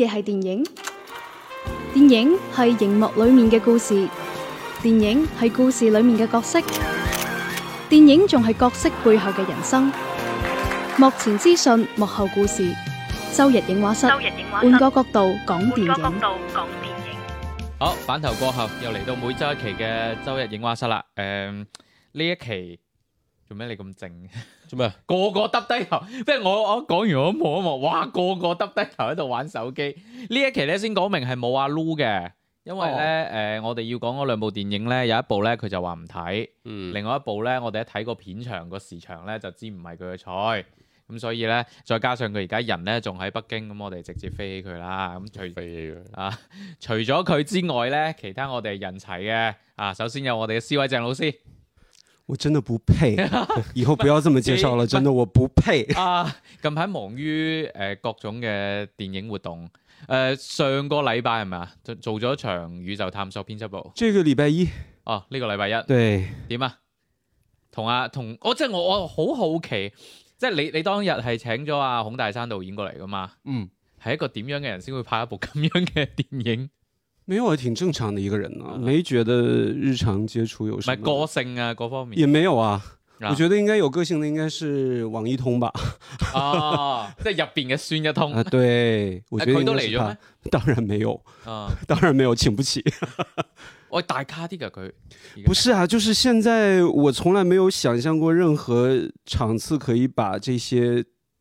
電影係電影，電影係熒幕裏面嘅故事，電影係故事裏面嘅角色，電影仲係角色背後嘅人生。幕前資訊，幕後故事，周日影畫室，換個角度講電影。好，反頭過後又嚟到每周一期嘅周日影畫室啦。誒，呢一期。做咩你咁靜？做 咩、就是？個個耷低頭，即係我我講完我望一望，哇，個個耷低頭喺度玩手機。呢一期咧先講明係冇阿 Lu 嘅，因為咧誒、哦呃、我哋要講嗰兩部電影咧，有一部咧佢就話唔睇，嗯、另外一部咧我哋一睇個片長個時長咧就知唔係佢嘅菜，咁所以咧再加上佢而家人咧仲喺北京，咁我哋直接飛起佢啦。咁除飛起啊除咗佢之外咧，其他我哋人齊嘅啊，首先有我哋嘅思維鄭老師。我真的不配，以後不要這麼介紹了，真的我不配 啊！近排忙於誒、呃、各種嘅電影活動，誒、呃、上個禮拜係咪啊？做做咗場宇宙探索編輯部這禮、哦，這個禮拜一對、啊、哦，呢個禮拜一對，點啊？同阿同我即係我我好好奇，即係你你當日係請咗阿孔大山導演過嚟㗎嘛？嗯，係一個點樣嘅人先會拍一部咁樣嘅電影？沒有，挺正常的一個人呢、啊，沒覺得日常接觸有什麼。個性啊，各方面也沒有啊。啊，我覺得應該有個性的應該是王一通吧。啊， 即入邊嘅孫一通啊。對，我覺得。他都嚟咗咩？當然沒有，啊、當然沒有，請不起。我大咖啲㗎佢。不是啊，就是現在我從來沒有想象過任何場次可以把這些。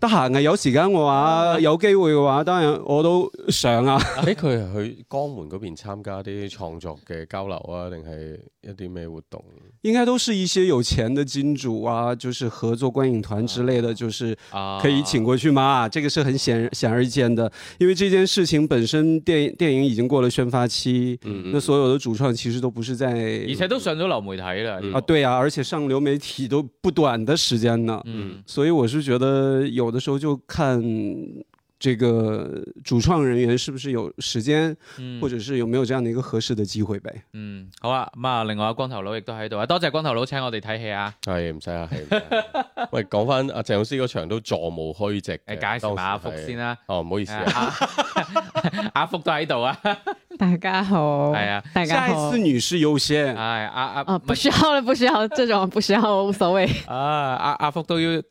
得閒啊，有時間嘅話，有機會嘅話，當然我都想啊！誒、啊，佢、欸、去江門嗰邊參加啲創作嘅交流啊，定係一啲咩活動？應該都是一些有錢的金主啊，就是合作觀影團之類的，啊、就是可以請過去嘛。啊、這個是很顯顯而易見的，因為這件事情本身電，電電影已經過了宣發期，嗯，嗯那所有的主創其實都不是在而且都上咗流媒體啦。嗯、啊，對啊，而且上流媒體都不短的時間呢。嗯，所以我是覺得有。有的時候就看這個主創人員是不是有時間，嗯、或者是有沒有這樣的一個合適的機會唄。嗯，好啊，咁啊，另外阿光頭佬亦都喺度啊，多謝光頭佬請我哋睇戲啊。係、哎，唔使啊，係。 喂，講返阿鄭老師嗰場都座無虛席，誒、哎，介紹下阿福先啦、啊。哦、啊，唔好意思、啊、 阿福都喺度啊。 大家好，大家好。下次女士優先，哎阿阿，不需要啦，不需要，這種不需要，我無所謂。啊阿阿福都要，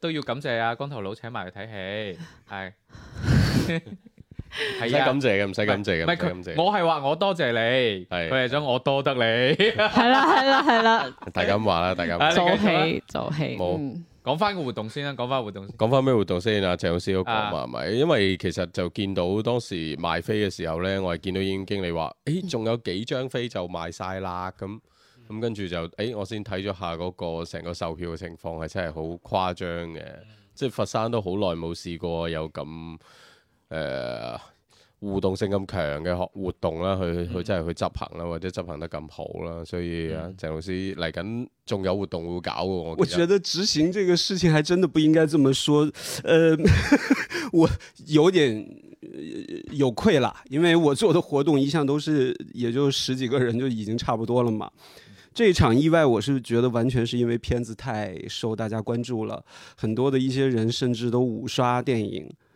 都要感謝阿光頭佬請埋去睇戲，係，唔使感謝嘅，唔使感謝嘅，唔使感謝。我係話我多謝你，係佢係想我多得你，係啦係啦係啦，大家咁話啦，大家，早起，早起。嗯。講翻個活動先啦，講翻活動先，講翻咩活動先啊？鄭老師都講啊，係咪？因為其實就見到當時賣飛嘅時候呢，我係見到營業經,經理話：，誒、欸，仲有幾張飛就賣晒啦。咁咁跟住就，誒、欸，我先睇咗下嗰個成個售票嘅情況係真係好誇張嘅，即係、嗯、佛山都好耐冇試過有咁誒。呃互動性咁強嘅學活動啦、嗯，去去真係去執行啦，或者執行得咁好啦，所以啊，鄭、嗯、老師嚟緊仲有活動會搞嘅。我，我覺得執行這個事情還真的不應該這麼說，誒、呃， 我有點有愧啦，因為我做的活動一向都是也就十幾個人就已經差不多了嘛。這一場意外我是覺得完全是因為片子太受大家關注了，很多的一些人甚至都五刷電影。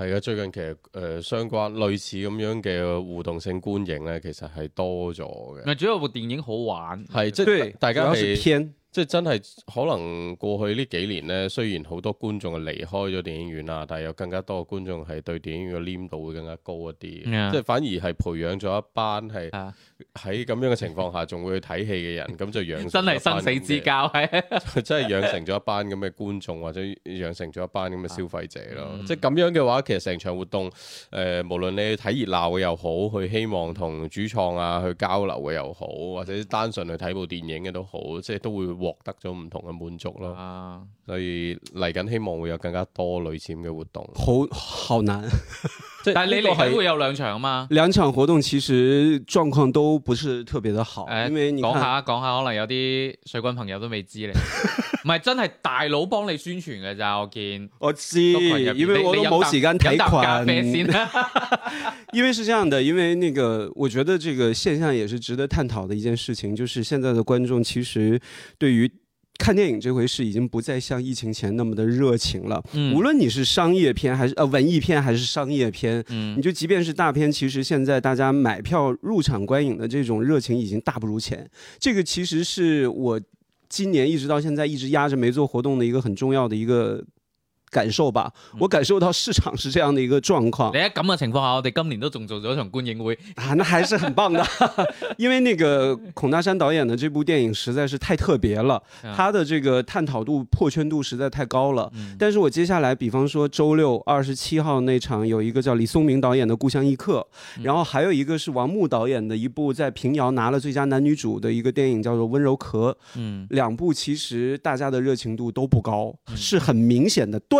係啊，最近其實，呃，相關類似咁樣嘅互動性觀影咧，其實係多咗嘅。唔係主要部電影好玩，係即係大家係。即係真係可能過去呢幾年呢，雖然好多觀眾啊離開咗電影院啊，但係有更加多嘅觀眾係對電影院嘅黏度會更加高一啲。Yeah. 即係反而係培養咗一班係喺咁樣嘅情況下仲會去睇戲嘅人，咁 就養生真係生死之交係， 真係養成咗一班咁嘅觀眾或者養成咗一班咁嘅消費者咯。 即係咁樣嘅話，其實成場活動誒、呃，無論你睇熱鬧嘅又好，去希望同主創啊去交流嘅又好，或者單純去睇部電影嘅都好，即係都會。獲得咗唔同嘅滿足咯，啊、所以嚟緊希望會有更加多類似嘅活動。好好難， 但係呢個係 是會有兩場啊嘛。兩場活動其實狀況都不是特別的好，呃、因為講下講下，可能有啲水軍朋友都未知你。 唔係真係大佬幫你宣傳㗎咋，我見我知，因為我都冇時間睇群。因為是這樣嘅，因為那個我覺得這個現象也是值得探討的一件事情，就是現在的觀眾其實對於看電影這回事已經不再像疫情前那麼的熱情了。無論你是商業片還是啊、呃、文藝片還是商業片，你就即便是大片，其實現在大家買票入場觀影的這種熱情已經大不如前。這個其實是我。今年一直到現在，一直壓着沒做活動的一個很重要的一個，感受吧，我感受到市場是這樣的一個狀況。在咁嘅情況下，我哋今年都仲做咗一場觀影會啊，那還是很棒的。 因為那個孔大山導演的這部電影實在是太特別了，嗯、他的這個探討度、破圈度實在太高了。但是我接下來，比方說周六二十七號那場，有一個叫李松明導演的《故鄉異客》，然後還有一個是王沐導演的一部在平遙拿了最佳男女主的一個電影，叫做《溫柔殼》。嗯，兩部其實大家的熱情度都不高，是很明顯的斷。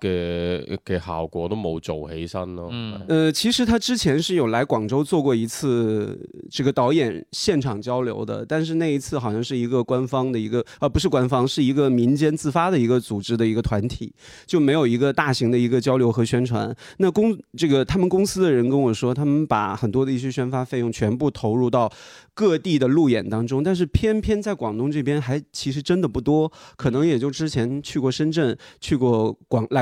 的的效果都冇做起身咯。嗯，誒，其實他之前是有來廣州做過一次，這個導演現場交流的，但是那一次好像是一個官方的一個，啊、呃，不是官方，是一個民間自發的一個組織的一個團體，就沒有一個大型的一個交流和宣傳。那公，這個他們公司的人跟我說，他們把很多的一些宣發費用全部投入到各地的路演當中，但是偏偏在廣東這邊，還其實真的不多，可能也就之前去過深圳，去過廣，來。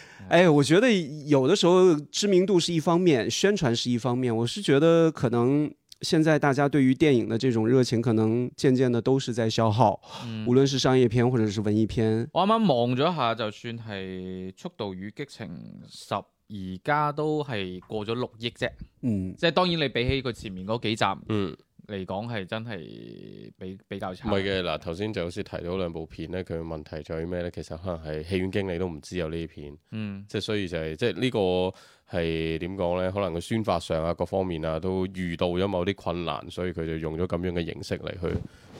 哎，我覺得有的時候知名度是一方面，宣傳是一方面。我是覺得可能現在大家對於電影的這種熱情，可能漸漸的都是在消耗。嗯，無論是商業片或者是文藝片，我啱啱望咗一下，就算係《速度與激情十》，而家都係過咗六億啫。嗯，即係當然你比起佢前面嗰幾集，嗯。嚟講係真係比，比較差。唔係嘅，嗱頭先就好似提到兩部片咧，佢嘅問題在於咩咧？其實可能係戲院經理都唔知有呢啲片，嗯，即係所以就係、是、即係呢個係點講咧？可能佢宣發上啊，各方面啊都遇到咗某啲困難，所以佢就用咗咁樣嘅形式嚟去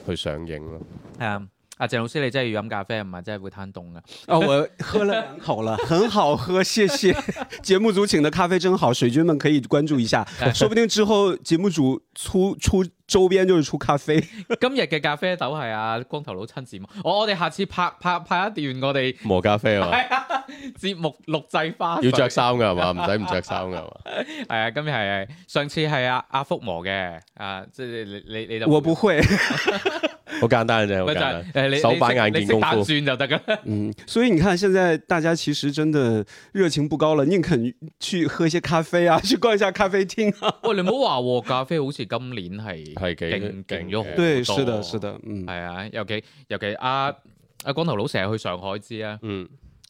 去上映咯。係啊。阿鄭老師，你真係要飲咖啡，唔係真係會攤凍噶。 哦，我喝了兩口了，很好喝，謝謝節目組請的咖啡真好，水軍們可以關注一下，說不定之後節目組出出周邊就是出咖啡。 今日嘅咖啡豆係阿光頭佬親自磨，哦，我我哋下次拍拍拍一段我哋磨咖啡啊。 節目錄製花 要着衫噶係嘛，唔使唔着衫噶係嘛？係啊，今日係上次係阿阿福磨嘅，啊，即係你你你。我不會 dream big face 好簡單啫，好簡單你手花眼鏡你懂功夫，算就得噶。嗯，所以你看，現在大家其實真的熱情不高了，寧肯去喝一些咖啡啊，去逛一下咖啡廳啊。喂，你唔好話喎，咖啡好似今年係係勁勁咗好多。對，是的，是的，嗯，係啊，尤其尤其阿阿、啊、光頭佬成日去上海知啊。嗯，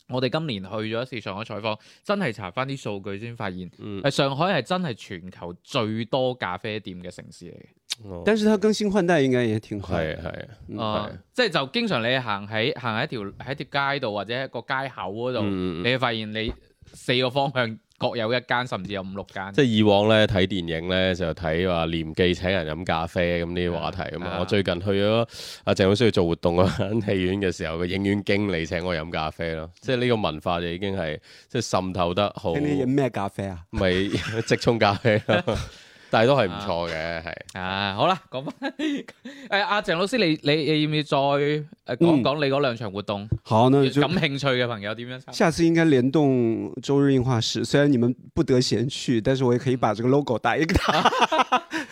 我哋今年去咗一次上海採訪，真係查返啲數據先發現，嗯，上海係真係全球最多咖啡店嘅城市嚟。但是佢更新換代應該也挺快，係係，嗯、即係就經常你行喺行喺條喺條街度或者一個街口嗰度，嗯、你發現你四個方向各有一間，甚至有五六間。即係以往呢睇電影呢，就睇話廉記請人飲咖啡咁啲話題啊嘛。我最近去咗阿鄭好需要做活動啊，間戲院嘅時候，個影院經理請我飲咖啡咯。即係呢個文化就已經係即係滲透得好。你飲咩咖啡啊？唔咪 即沖咖啡。 但係都係唔錯嘅，係、啊。是啊，好啦，講翻誒阿鄭老師，你你你要唔要再誒講、嗯、講講你嗰兩場活動？嚇，如果感興趣嘅朋友點樣參？下次應該聯動周日映畫室，雖然你們不得閒去，但是我也可以把這個 logo 打一打。嗯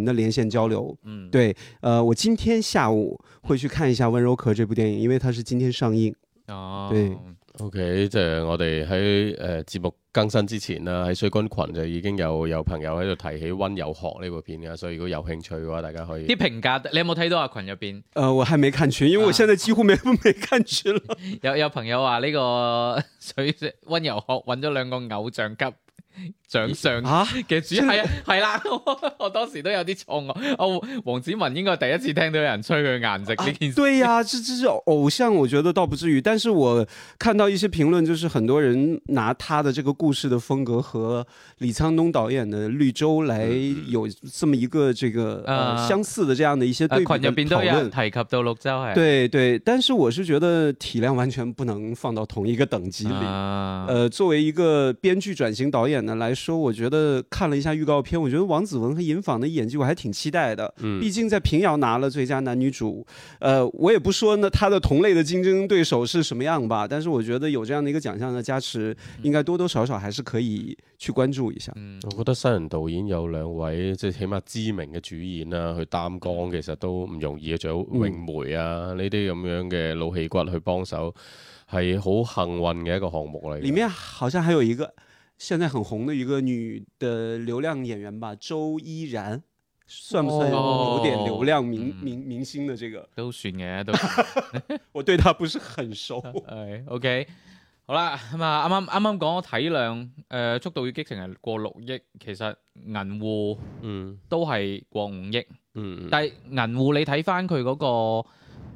你的連線交流，嗯，對，呃，我今天下午會去看一下《溫柔殼》這部電影，因為它是今天上映。哦，對，OK，即係我哋喺誒節目更新之前啦，喺水軍群就已經有有朋友喺度提起《溫柔殼》呢部片嘅，所以如果有興趣嘅話，大家可以。啲評價，你有冇睇到啊？群入邊？呃，我還沒看群，因為我現在幾乎沒沒看群。啊、 有有朋友話呢個水溫柔殼揾咗兩個偶像級。長相其實係啊係、啊、啦， 我當時都有啲錯愕。哦，黃子文應該第一次聽到有人吹佢顏值呢件事、啊。對呀、啊，這這係偶像，我覺得倒不至於。但是我看到一些評論，就是很多人拿他的這個故事的風格和李滄東導演的《綠洲》來有這麼一個這個呃相似的這樣的一些對比嘅討論，群裏面都有人提及到綠洲係。對對，但是我是覺得體量完全不能放到同一個等級裏。啊啊、呃，作為一個編劇轉型導演呢來說我覺得看了一下預告片，我覺得王子文和尹昉的演技我還挺期待的。畢竟在平遙拿了最佳男女主，嗯、呃，我也不說呢，他的同類的競爭對手是什麼樣吧。但是我覺得有這樣的一個獎項的加持，應該多多少少還是可以去關注一下。嗯，我覺得新人導演有兩位，即係起碼知名嘅主演啊去擔綱，其實都唔容易嘅，仲有詠梅啊呢啲咁樣嘅老戲骨去幫手，係好幸運嘅一個項目嚟。裏面好像還有一個。現在很紅的一個女的流量演員吧，周依然，算不算有點流量明明、哦嗯、明星的這個都算嘅，都。 我對她不是很熟。誒 ，OK，好啦，咁啊，啱啱啱啱講個體量，誒、呃，速度與激情係過六億，其實銀護，嗯，都係過五億，嗯，但係銀護你睇翻佢嗰個，誒、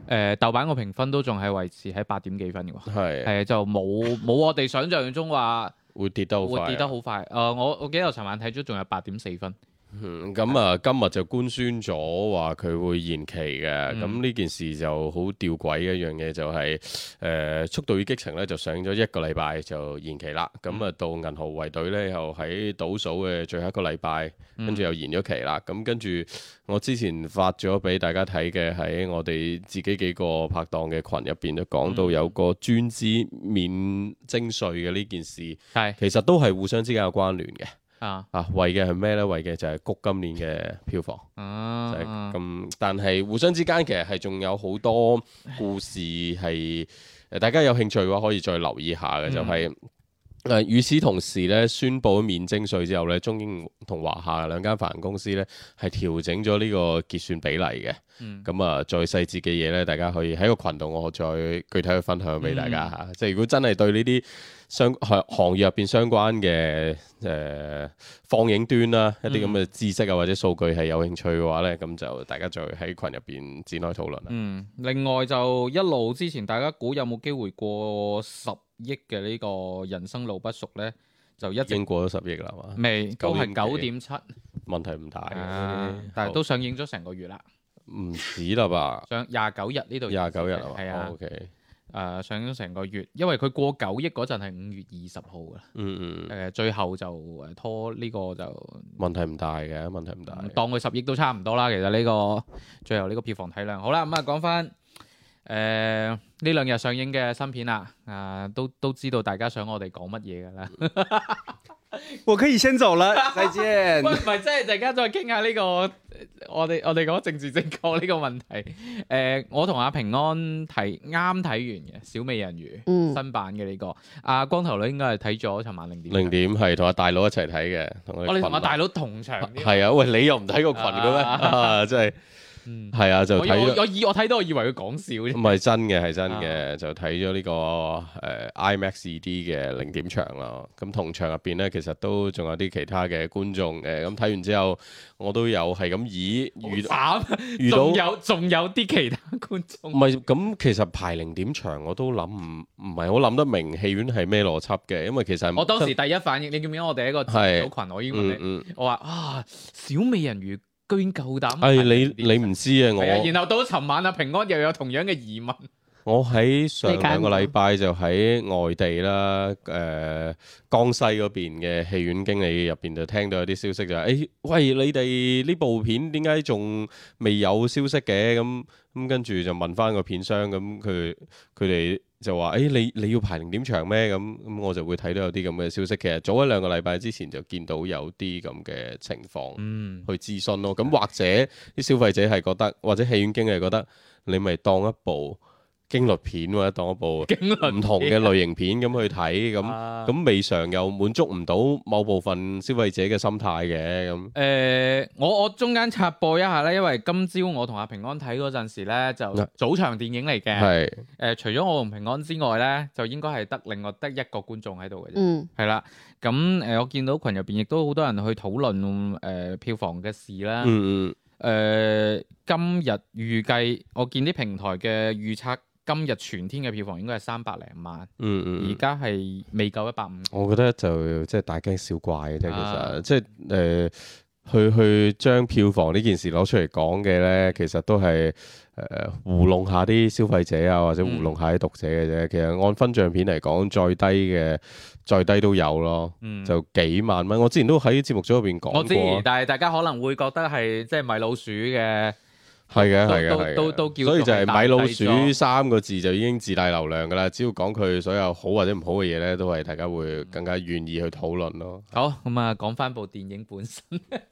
呃，豆瓣個評分都仲係維持喺八點幾分嘅，係是，係、嗯、就冇冇我哋想象中話、啊。 會跌得好快，會跌得好快，誒、呃，我我記得我尋晚睇咗，仲有八點四分。咁啊，嗯嗯嗯嗯、今日就官宣咗話佢會延期嘅，咁呢、嗯、件事就好吊詭嘅一樣嘢，就係、是、誒、呃《速度與激情》咧就上咗一個禮拜就延期啦，咁啊、嗯、到銀圍隊呢《銀河護衛隊》咧又喺倒數嘅最後一個禮拜，跟住又延咗期啦，咁、嗯、跟住我之前發咗俾大家睇嘅喺我哋自己幾個拍檔嘅群入邊都講到有個專資免徵稅嘅呢件事，係、嗯、其實都係互相之間有關聯嘅。啊啊，啊為嘅係咩呢？為嘅就係谷今年嘅票房。哦、啊，咁、啊、但係互相之間其實係仲有好多故事係大家有興趣嘅話可以再留意下嘅，嗯、就係、是。誒、呃，與此同時咧，宣布免徵稅之後咧，中英同華夏兩間法人公司咧，係調整咗呢個結算比例嘅。嗯。咁啊，再細節嘅嘢咧，大家可以喺個群度我再具體去分享俾大家吓。嗯、即係如果真係對呢啲相行業入邊相關嘅誒、呃、放映端啦、啊，一啲咁嘅知識啊或者數據係有興趣嘅話咧，咁、嗯、就大家再喺群入邊展開討論啦。嗯。另外就一路之前，大家估有冇機會過十億嘅呢個人生路不熟呢，就已經過咗十億啦嘛？未，都係九點七。問題唔大、啊、okay. 但係都上映咗成個月啦。唔止啦吧？上廿九日呢度。廿九日係嘛？係啊。O K。誒，上咗成個月，因為佢過九億嗰陣係五月二十號噶。嗯嗯嗯。誒、呃，最後就誒拖呢個就。問題唔大嘅，問題唔大。當佢十億都差唔多啦，其實呢、這個最後呢個票房體量。好啦，咁啊講翻。誒，呢、呃、兩日上映嘅新片啦，啊、呃，都都知道大家想我哋講乜嘢噶啦。我可以先走了， 再見。唔係即係大家再傾下呢、這個，我哋我哋講政治正確呢個問題。誒、呃，我同阿平安睇啱睇完嘅小美人魚，嗯、新版嘅呢、這個。阿、呃、光頭女應該係睇咗尋晚零點。零點係同阿大佬一齊睇嘅，同我哋。我哋同阿大佬同場。係啊，啊，喂，你又唔睇個群嘅咩？真係、啊。 嗯，係啊，就睇我以我睇到，我，我，我以為佢講笑唔係真嘅，係真嘅，啊、就睇咗呢個誒、呃、IMAX 二 D 嘅零點場咯。咁同場入邊咧，其實都仲有啲其他嘅觀眾。誒，咁睇完之後，我都有係咁以遇到，遇到有仲有啲其他觀眾。唔係，咁其實排零點場我都，我都諗唔唔係好諗得明戲院係咩邏輯嘅，因為其實我當時第一反應，真你記唔記得我第一個建群，是我已經問你、嗯嗯、我話啊小美人魚。居然夠膽！哎，是不是你是不是你唔知道啊？我啊。然後到咗尋晚啊，平安又有同樣嘅疑問。我喺上兩個禮拜就喺外地啦，誒、呃、江西嗰邊嘅戲院經理入邊就聽到有啲消息就誒、是欸，喂你哋呢部片點解仲未有消息嘅？咁咁跟住就問翻個片商，咁佢佢哋就話誒、欸、你你要排零點場咩？咁咁我就會睇到有啲咁嘅消息。其實早一兩個禮拜之前就見到有啲咁嘅情況，去諮詢咯。咁、嗯、或者啲消費者係覺得，或者戲院經理覺得你咪當一部。驚慄片或者，當一部唔同嘅類型片咁去睇，咁咁未嘗又滿足唔到某部分消費者嘅心態嘅咁。誒，我我中間插播一下咧，因為今朝我同阿平安睇嗰陣時咧，就早場電影嚟嘅。係誒，除咗我同平安之外咧，就應該係得另外得一個觀眾喺度嘅。嗯，係啦。咁誒，我見到群入邊亦都好多人去討論誒票房嘅事啦。嗯嗯。誒，今日預計我見啲平台嘅預測。今日全天嘅票房應該係三百零萬，而家係未夠一百五。我覺得就即係大驚小怪嘅啫，其實、啊、即係誒、呃、去去將票房呢件事攞出嚟講嘅咧，其實都係誒糊弄下啲消費者啊，或者糊弄下啲讀者嘅啫。嗯、其實按分賬片嚟講，再低嘅再低都有咯，嗯、就幾萬蚊。我之前都喺節目組入邊講過，但係大家可能會覺得係即係米老鼠嘅。係嘅，係嘅，係嘅。所以就係米老鼠三個字就已經自帶流量噶啦。只要講佢所有好或者唔好嘅嘢咧，都係大家會更加願意去討論咯。嗯、好，咁、嗯、啊，講翻部電影本身。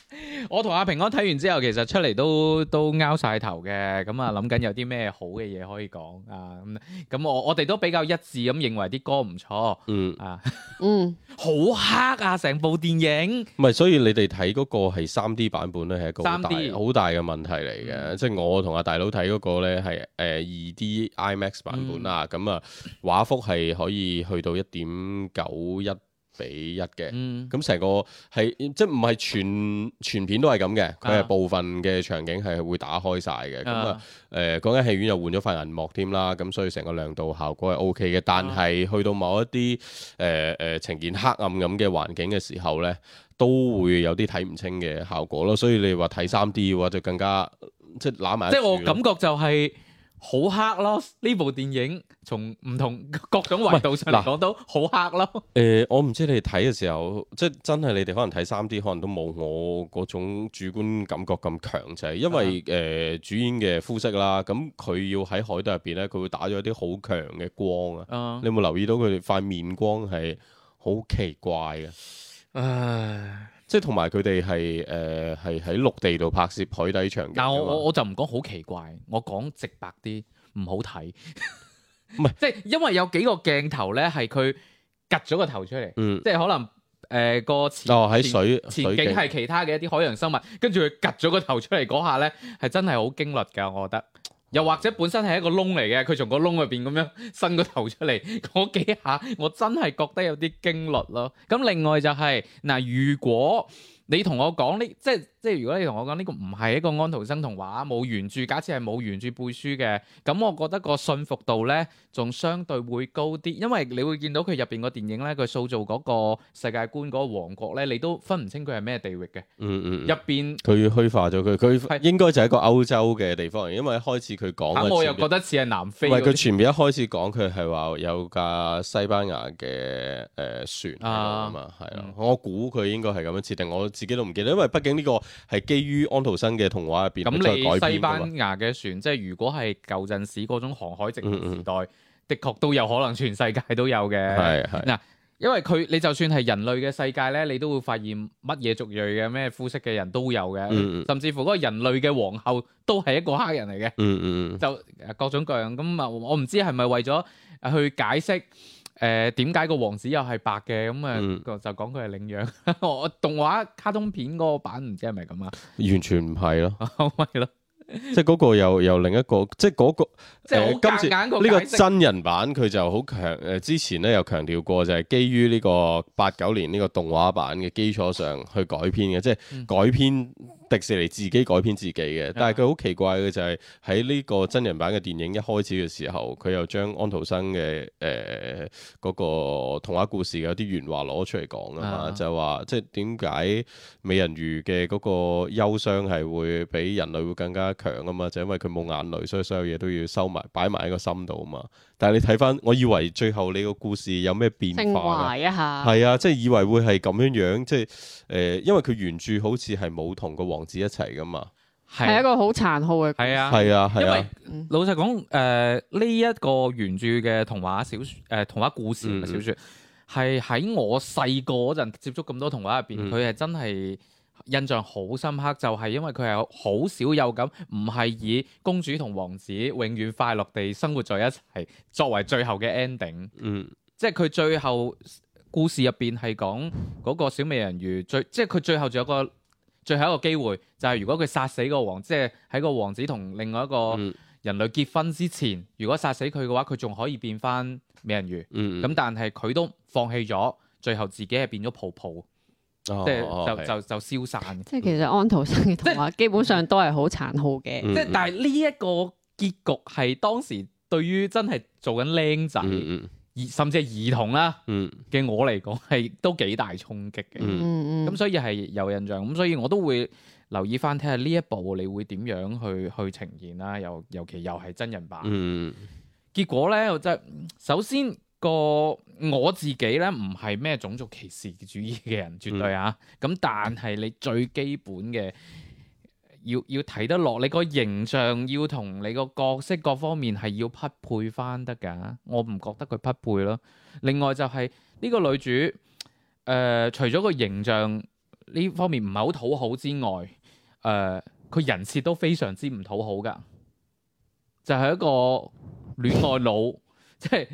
我同阿平安睇完之後，其實出嚟都都拗晒頭嘅。咁、嗯、啊，諗緊、嗯、有啲咩好嘅嘢可以講啊？咁咁我我哋都比較一致咁認為啲歌唔錯。嗯。啊。嗯。嗯 好黑啊！成部電影。唔係、嗯，所以你哋睇嗰個係 3D 版本咧，係一個好大好 3 D? 大嘅問題嚟嘅。嗯即係我同阿大佬睇嗰個咧係誒 2D IMAX 版本啦，咁啊畫幅係可以去到一點九一比一嘅，咁成個係即係唔係全全片都係咁嘅，佢係部分嘅場景係會打開晒嘅，咁啊誒嗰間戲院又換咗塊銀幕添啦，咁所以成個亮度效果係 OK 嘅，但係去到某一啲誒誒呈現黑暗咁嘅環境嘅時候咧，都會有啲睇唔清嘅效果咯，所以你話睇 3D 嘅話就更加。即係攬埋，即係我感覺就係好黑咯。呢 部電影從唔同各種維度上嚟講都好黑咯。誒、 呃，我唔知你哋睇嘅時候，即係真係你哋可能睇三 D，可能都冇我嗰種主觀感覺咁強就係。因為誒、啊呃，主演嘅膚色啦，咁佢要喺海底入邊咧，佢會打咗啲好強嘅光啊。你有冇留意到佢塊面光係好奇怪嘅？唉、啊。即係同埋佢哋係誒，係喺陸地度拍攝海底場景。但我我就唔講好奇怪，我講直白啲唔好睇。唔 係是，即係因為有幾個鏡頭咧，係佢擳咗個頭出嚟，嗯、即係可能誒、呃、個前哦喺水前，前景係其他嘅一啲海洋生物，跟住佢擳咗個頭出嚟嗰下咧，係真係好驚慄㗎，我覺得。又或者本身係一個窿嚟嘅，佢從個窿入邊咁樣伸個頭出嚟，嗰幾下我真係覺得有啲驚慄咯。咁另外就係、是、嗱，如果，你同我講呢，即係即係，如果你同我講呢個唔係一個安徒生童話，冇原著，假設係冇原著背書嘅，咁我覺得個信服度咧，仲相對會高啲，因為你會見到佢入邊個電影咧，佢塑造嗰個世界觀、嗰個王國咧，你都分唔清佢係咩地域嘅。嗯嗯。一邊佢虛化咗佢，佢應該就係一個歐洲嘅地方嚟，因為一開始佢講。我又覺得似係南非。唔係佢前面一開始講佢係話有架西班牙嘅誒船啊嘛，係咯，嗯、我估佢應該係咁樣設定，我自己都唔記得，因為畢竟呢個係基於安徒生嘅童話入邊。咁嚟到西班牙嘅船，即係如果係舊陣時嗰種航海殖民時代，嗯嗯的確都有可能全世界都有嘅。係是，係嗱，因為佢你就算係人類嘅世界咧，你都會發現乜嘢族裔嘅咩膚色嘅人都有嘅，嗯嗯甚至乎嗰個人類嘅皇后都係一個黑人嚟嘅。嗯嗯就各種各樣。咁啊！我唔知係咪為咗去解釋。誒點解個王子又係白嘅？咁就講佢係領養。 我動畫卡通片嗰個版唔知係咪咁啊？完全唔係咯， 即係嗰個又又另一個，即係嗰、嗰個、 呃、今次呢個真人版佢就好強誒、呃。之前咧又強調過，就係基於呢個八九年呢個動畫版嘅基礎上去改編嘅，即係改編迪士尼自己改編自己嘅。但係佢好奇怪嘅就係喺呢個真人版嘅電影一開始嘅時候，佢又將安徒生嘅誒嗰個童話故事嘅一啲原話攞出嚟講啊嘛，嗯、就話即係點解美人魚嘅嗰個憂傷係會比人類會更加，強啊嘛，就因為佢冇眼淚，所以所有嘢,都要收埋，擺埋喺個心度啊嘛。但係你睇翻，我以為最後你個故事有咩變化？一下。係啊，即、就、係、是、以為會係咁樣樣，即係誒，因為佢原著好似係冇同個王子一齊噶嘛。係一個好殘酷嘅。係啊，係啊，因啊，因為老實講，誒呢一個原著嘅童話小說，誒、呃、童話故事嘅小說，係喺、嗯、我細個嗰陣接觸咁多童話入邊，佢係、嗯、真係。印象好深刻，就係、是、因為佢係好少有咁，唔係以公主同王子永遠快樂地生活在一齊作為最後嘅 ending。嗯、即係佢最後故事入邊係講嗰個小美人魚，最即係佢最後仲有個最後一個機會，就係如果佢殺死個王，即係喺個王子同另外一個人類結婚之前，嗯、如果殺死佢嘅話，佢仲可以變翻美人魚。嗯、嗯，咁但係佢都放棄咗，最後自己係變咗泡泡。即係就就就消散、嗯。即係其實安徒生嘅童話基本上都係好殘酷嘅、嗯。即係但係呢一個結局係當時對於真係做緊僆仔，嗯、甚至係兒童啦嘅我嚟講係都幾大衝擊嘅。咁、嗯嗯、所以係有印象。咁所以我都會留意翻，睇下呢一部你會點樣去去呈現啦？尤尤其又係真人版。嗯嗯、結果呢就首先。個我自己咧唔係咩種族歧視主義嘅人，絕對啊。咁但係你最基本嘅要要睇得落，你個形象要同你個角色各方面係要匹配翻得噶。我唔覺得佢匹配咯。另外就係、是、呢、這個女主，誒、呃、除咗個形象呢方面唔係好討好之外，誒、呃、佢人設都非常之唔討好噶，就係、是、一個戀愛腦。即係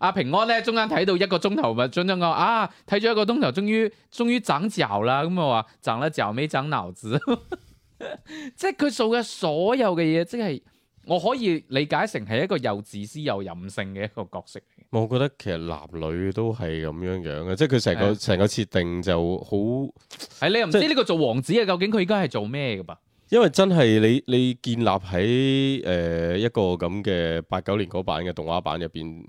阿平安咧，中間睇到一個鐘頭咪真正講啊，睇咗一個鐘頭，終於終於長腳啦，咁我話長了腳，未長腦子。 即係佢做嘅所有嘅嘢，即係我可以理解成係一個又自私又任性嘅一個角色。我覺得其實男女都係咁樣樣嘅，即係佢成個成的個設定就好。係的、就是、你又唔知呢個做王子啊？究竟佢應該係做咩噶吧？因為真係你你建立喺，誒、呃、一個咁嘅八九年嗰版嘅動畫版入邊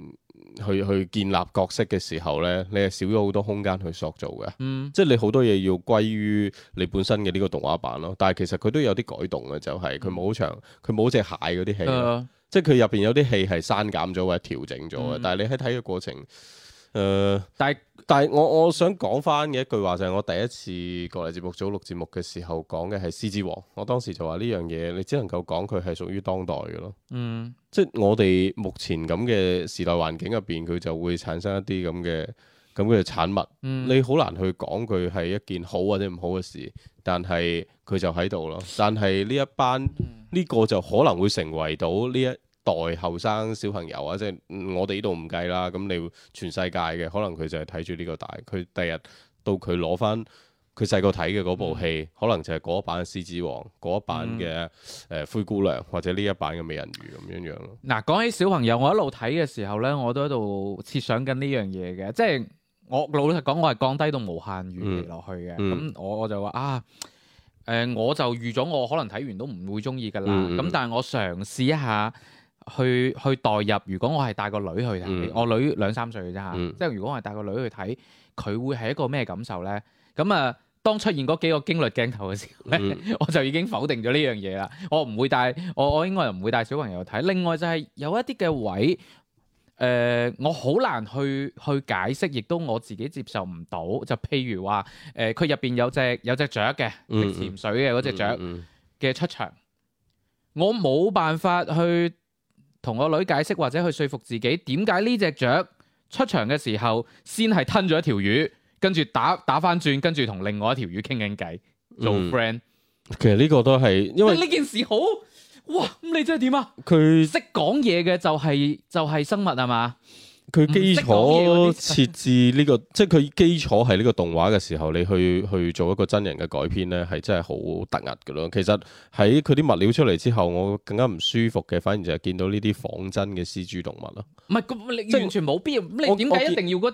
去去，去建立角色嘅時候呢，你係少咗好多空間去塑造嘅。嗯、即係你好多嘢，要歸於你本身嘅呢個動畫版咯。但係其實佢都有啲改動嘅，就係佢冇好長，佢冇隻蟹嗰啲戲，嗯、即係佢入邊有啲戲係刪減咗或者調整咗嘅。嗯、但係你喺睇嘅過程。誒，呃、但係但係我我想講翻嘅一句話就係，我第一次過嚟節目組錄節目嘅時候講嘅係獅子王，我當時就話呢樣嘢你只能夠講佢係屬於當代嘅咯，嗯、即係我哋目前咁嘅時代環境入邊，佢就會產生一啲咁嘅咁嘅產物，嗯、你好難去講佢係一件好或者唔好嘅事，但係佢就喺度咯，但係呢一班呢、嗯、個就可能會成為到呢一代後生小朋友啊，即係我哋呢度唔計啦。咁你全世界嘅可能佢就係睇住呢個大佢第日到佢攞翻佢細個睇嘅嗰部戲，可能就係嗰、嗯、版獅子王，嗰版嘅誒、嗯呃、灰姑娘，或者呢一版嘅美人魚咁樣樣咯。嗱，講起小朋友，我一路睇嘅時候咧，我都喺度設想緊呢樣嘢嘅，即係我老實講，我係降低到無限預期落去嘅。咁、嗯嗯、我我就話啊，誒，我就預咗、啊呃、我,我可能睇完都唔會中意噶啦。咁、嗯、但係我嘗試一下。去去代入，如果我係帶個女去睇，我女兩三歲嘅啫嚇，即係如果我係帶個女去睇，佢會係一個咩感受咧？咁啊，當出現嗰幾個驚慄鏡頭嘅時候咧，我就已經否定咗呢樣嘢啦。我唔會帶，我我應該又唔會帶小朋友睇。另外就係有一啲嘅位，誒，我好難去去解釋，亦都我自己接受唔到。就譬如話，誒，佢入邊有隻有隻雀嘅，潛水嘅嗰隻雀嘅出場，我冇辦法去。同我女解釋或者去說服自己點解呢隻雀出場嘅時候先係吞咗一條魚，跟住打打翻轉，跟住同另外一條魚傾緊偈老 friend。嗯、其實呢個都係因為呢件事好哇，咁你真係點啊？佢識講嘢嘅就係、係、就係、係、生物係嘛？佢基礎設置呢個，即係佢基礎係呢個動畫嘅時候，你去去做一個真人嘅改編咧，係真係好突兀噶咯。其實喺佢啲物料出嚟之後，我更加唔舒服嘅，反而就係見到呢啲仿真嘅 C G 動物咯。唔係，你完全冇必要，我你點解一定要嗰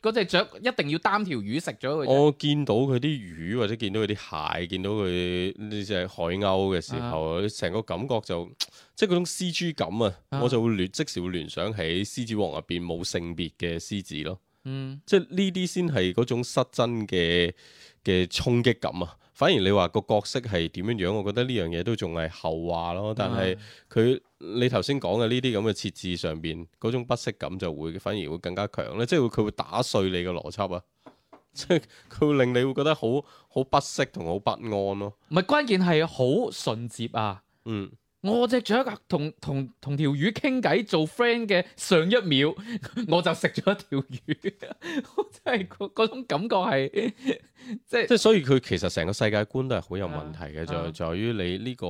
嗰隻雀一定要擔條魚食咗佢？我見到佢啲魚或者見到佢啲蟹，見到佢呢隻海鷗嘅時候，成、啊、個感覺就～即係嗰種 C G 感啊，啊我就會聯即時會聯想起獅子王入邊冇性別嘅獅子咯，嗯、即係呢啲先係嗰種失真嘅嘅衝擊感啊。反而你話個角色係點樣樣，我覺得呢樣嘢都仲係後話咯。但係佢、嗯、你頭先講嘅呢啲咁嘅設置上邊嗰種不適感就會反而會更加強咧，即係佢會打碎你嘅邏輯啊，即係佢會令你會覺得好好不適同好不安咯。唔係關鍵係好順接啊，嗯。我只仲喺度同同同條魚傾偈做 friend 嘅上一秒，我就食咗條魚， 我真係嗰嗰種感覺係即即，即係、所以佢其實成個世界觀都係好有問題嘅，就就係在於你呢個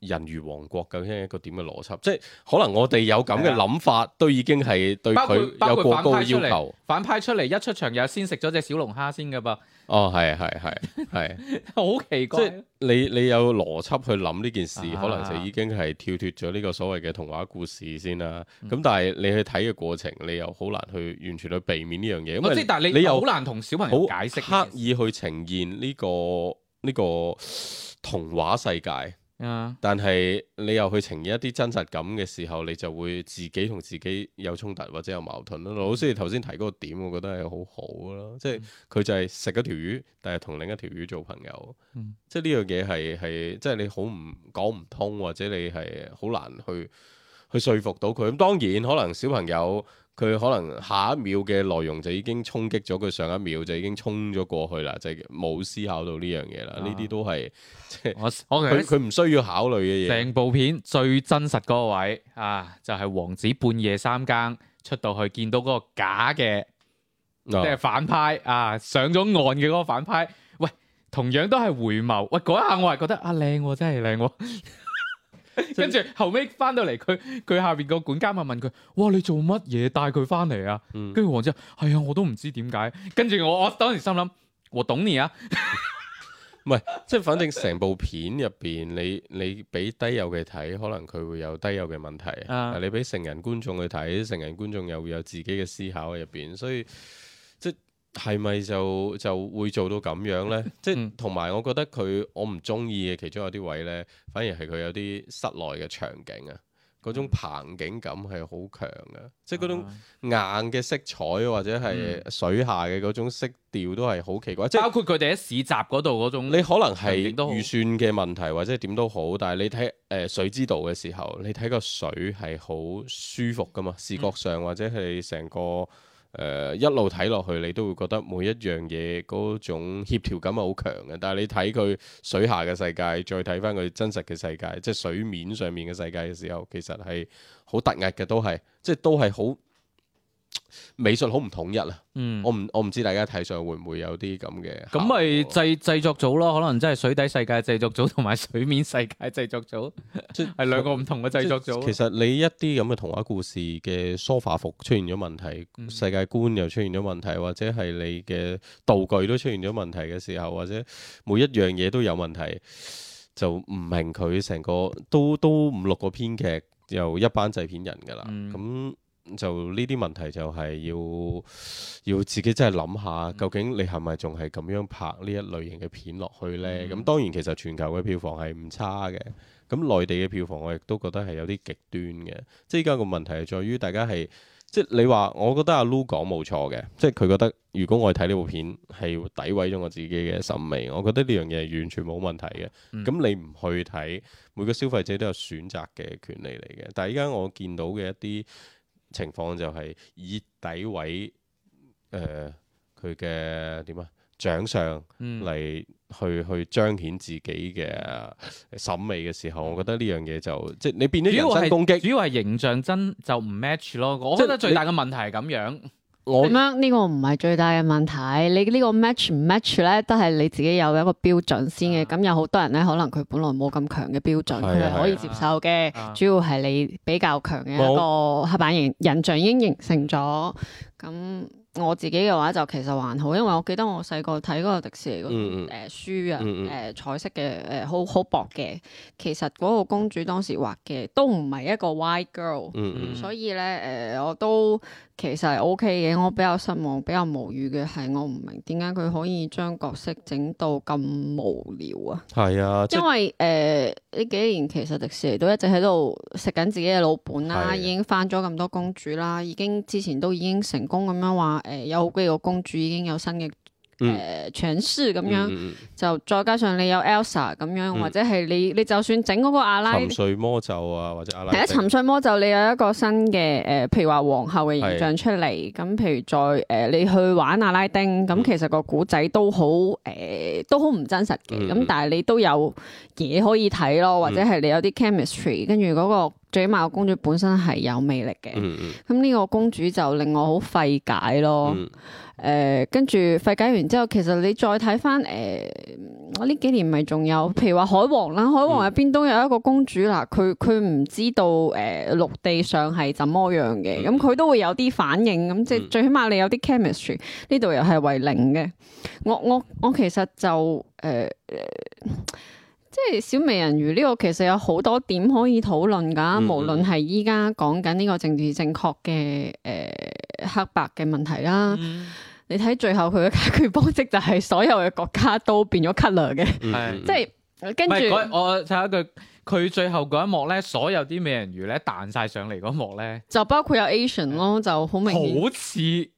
人魚王國究竟係一個點嘅邏輯？啊、即係可能我哋有咁嘅諗法，都已經係對佢有過高嘅要求反。反派出嚟一出場又先食咗隻小龍蝦先㗎噃。哦，係係係係，好 奇怪！即係你你有邏輯去諗呢件事，啊、可能就已經係跳脫咗呢個所謂嘅童話故事先啦。咁、嗯、但係你去睇嘅過程，你又好難去完全去避免呢樣嘢。我知，但係你，你又好難同小朋友解釋，刻意去呈現呢、呢個呢、呢個童話世界。但係你又去呈現一啲真實感嘅時候，你就會自己同自己有衝突或者有矛盾咯。老師你頭先提嗰個點，我覺得係好好咯，即係佢就係食一條魚，但係同另一條魚做朋友。嗯，即係呢樣嘢係係即係你好唔講唔通，或者你係好難去去說服到佢。咁當然可能小朋友。佢可能下一秒嘅內容就已經衝擊咗佢上一秒就已經衝咗過去啦，就冇、是、思考到呢樣嘢啦。呢啲、啊、都係即係我我佢佢唔需要考慮嘅嘢。成部片最真實嗰個位啊，就係、是、王子半夜三更出到去見到嗰個假嘅、啊、即係反派啊，上咗岸嘅嗰個反派，喂，同樣都係回眸。喂，嗰一下我係覺得啊靚喎、啊啊，真係靚喎。跟住 後尾翻到嚟，佢佢下邊個管家咪問佢：哇，你做乜嘢帶佢翻嚟啊？跟住、嗯、王子話：係、哎、啊，我都唔知點解。跟住我我當時心諗，我懂你啊。唔 係，即係反正成部片入邊，你你俾低幼嘅睇，可能佢會有低幼嘅問題；但、嗯、你俾成人觀眾去睇，成人觀眾又會有自己嘅思考喺入邊，所以。係咪就就會做到咁樣呢？即係同埋，我覺得佢我唔中意嘅其中有啲位呢，反而係佢有啲室內嘅場景啊，嗰種棚景感係好強嘅，即係嗰種硬嘅色彩或者係水下嘅嗰種色調都係好奇怪。即係包括佢哋喺市集嗰度嗰種，你可能係預算嘅問題或者點都好，但係你睇誒、呃、水之道嘅時候，你睇個水係好舒服噶嘛？視覺上或者係成個。誒、呃、一路睇落去，你都會覺得每一樣嘢嗰種協調感係好強嘅。但係你睇佢水下嘅世界，再睇返佢真實嘅世界，即係水面上面嘅世界嘅時候，其實係好突兀嘅，都係即係都係好。美術好唔統一啊，嗯！我唔我唔知大家睇上會唔會有啲咁嘅，咁咪製製作組咯，可能真係水底世界製作組同埋水面世界製作組，即係、嗯、 兩個唔同嘅製作組，嗯。其實你一啲咁嘅童話故事嘅梳化服出現咗問題，嗯、世界觀又出現咗問題，或者係你嘅道具都出現咗問題嘅時候，或者每一樣嘢都有問題，就唔明佢成個都都五六個編劇又一班製片人噶啦，咁、嗯。嗯嗯就呢啲問題就，就係要要自己真係諗下，嗯、究竟你係咪仲係咁樣拍呢一類型嘅片落去咧？咁、嗯、當然其實全球嘅票房係唔差嘅，咁內地嘅票房我亦都覺得係有啲極端嘅。即係依家個問題係在於大家係即係你話，我覺得阿 Lu 講冇錯嘅，即係佢覺得如果我睇呢部片係詆毀咗我自己嘅審美，我覺得呢樣嘢完全冇問題嘅。咁、嗯、你唔去睇，每個消費者都有選擇嘅權利嚟嘅。但係依家我見到嘅一啲。情況就係以底位誒佢嘅點啊，獎賞嚟去去彰顯自己嘅審美嘅時候，我覺得呢樣嘢就即係你變咗人身攻擊，主要係形象真就唔 match 咯。我覺得最大嘅問題係咁樣。咁樣呢、呢個唔係最大嘅問題，你個呢個 match 唔 match 咧，都係你自己有一個標準先嘅。咁、啊、有好多人咧，可能佢本來冇咁強嘅標準，佢係、啊、可以接受嘅。啊、主要係你比較強嘅一個刻板印印象已經形成咗。咁有我自己嘅話就其實還好，因為我記得我細個睇嗰個迪士尼嗰種書啊，誒、嗯嗯呃、彩色嘅誒好好薄嘅，其實嗰個公主當時畫嘅都唔係一個 white girl，、嗯嗯、所以咧誒、呃、我都。其實係 OK 嘅，我比較失望、比較無語嘅係我唔明點解佢可以將角色整到咁無聊啊！係啊，因為誒呢、呃、幾年其實迪士尼都一直喺度食緊自己嘅老本啦、啊，已經翻咗咁多公主啦，已經之前都已經成功咁樣話誒有好幾個公主已經有新嘅。嗯誒，詮釋咁樣，嗯、就再加上你有 Elsa 咁樣，嗯、或者係你你就算整嗰個阿拉丁，沉睡魔咒啊，或者阿拉丁。係啊，沉睡魔咒，你有一個新嘅誒、呃，譬如話皇后嘅形象出嚟，咁是譬如再誒、呃，你去玩阿拉丁，咁、嗯、其實個古仔都好誒、呃，都好唔真實嘅，咁、嗯嗯、但係你都有嘢可以睇咯，或者係你有啲 chemistry，跟住嗰個最起碼個公主本身係有魅力嘅，咁呢個公主就令我好費解咯。誒跟住費解完之後，其實你再睇翻誒，我呢幾年咪仲有，譬如話海王啦，海王入邊都有一個公主啦，佢佢唔知道誒陸、呃、地上係怎麼樣嘅，咁佢都會有啲反應，咁即係最起碼你有啲 chemistry 呢度又係為零嘅。我我我其實就誒、呃，即係小美人魚呢個其實有好多點可以討論噶，嗯、無論係依家講緊呢個政治正確嘅誒。呃黑白嘅問題啦、嗯，你睇最後佢嘅解決方式就係所有嘅國家都變咗 color 嘅，即係、 就是、跟住。我睇一句，佢最後嗰一幕咧，所有啲美人魚咧彈晒上嚟嗰幕咧，就包括有 Asian 咯，是就明顯好明顯。好似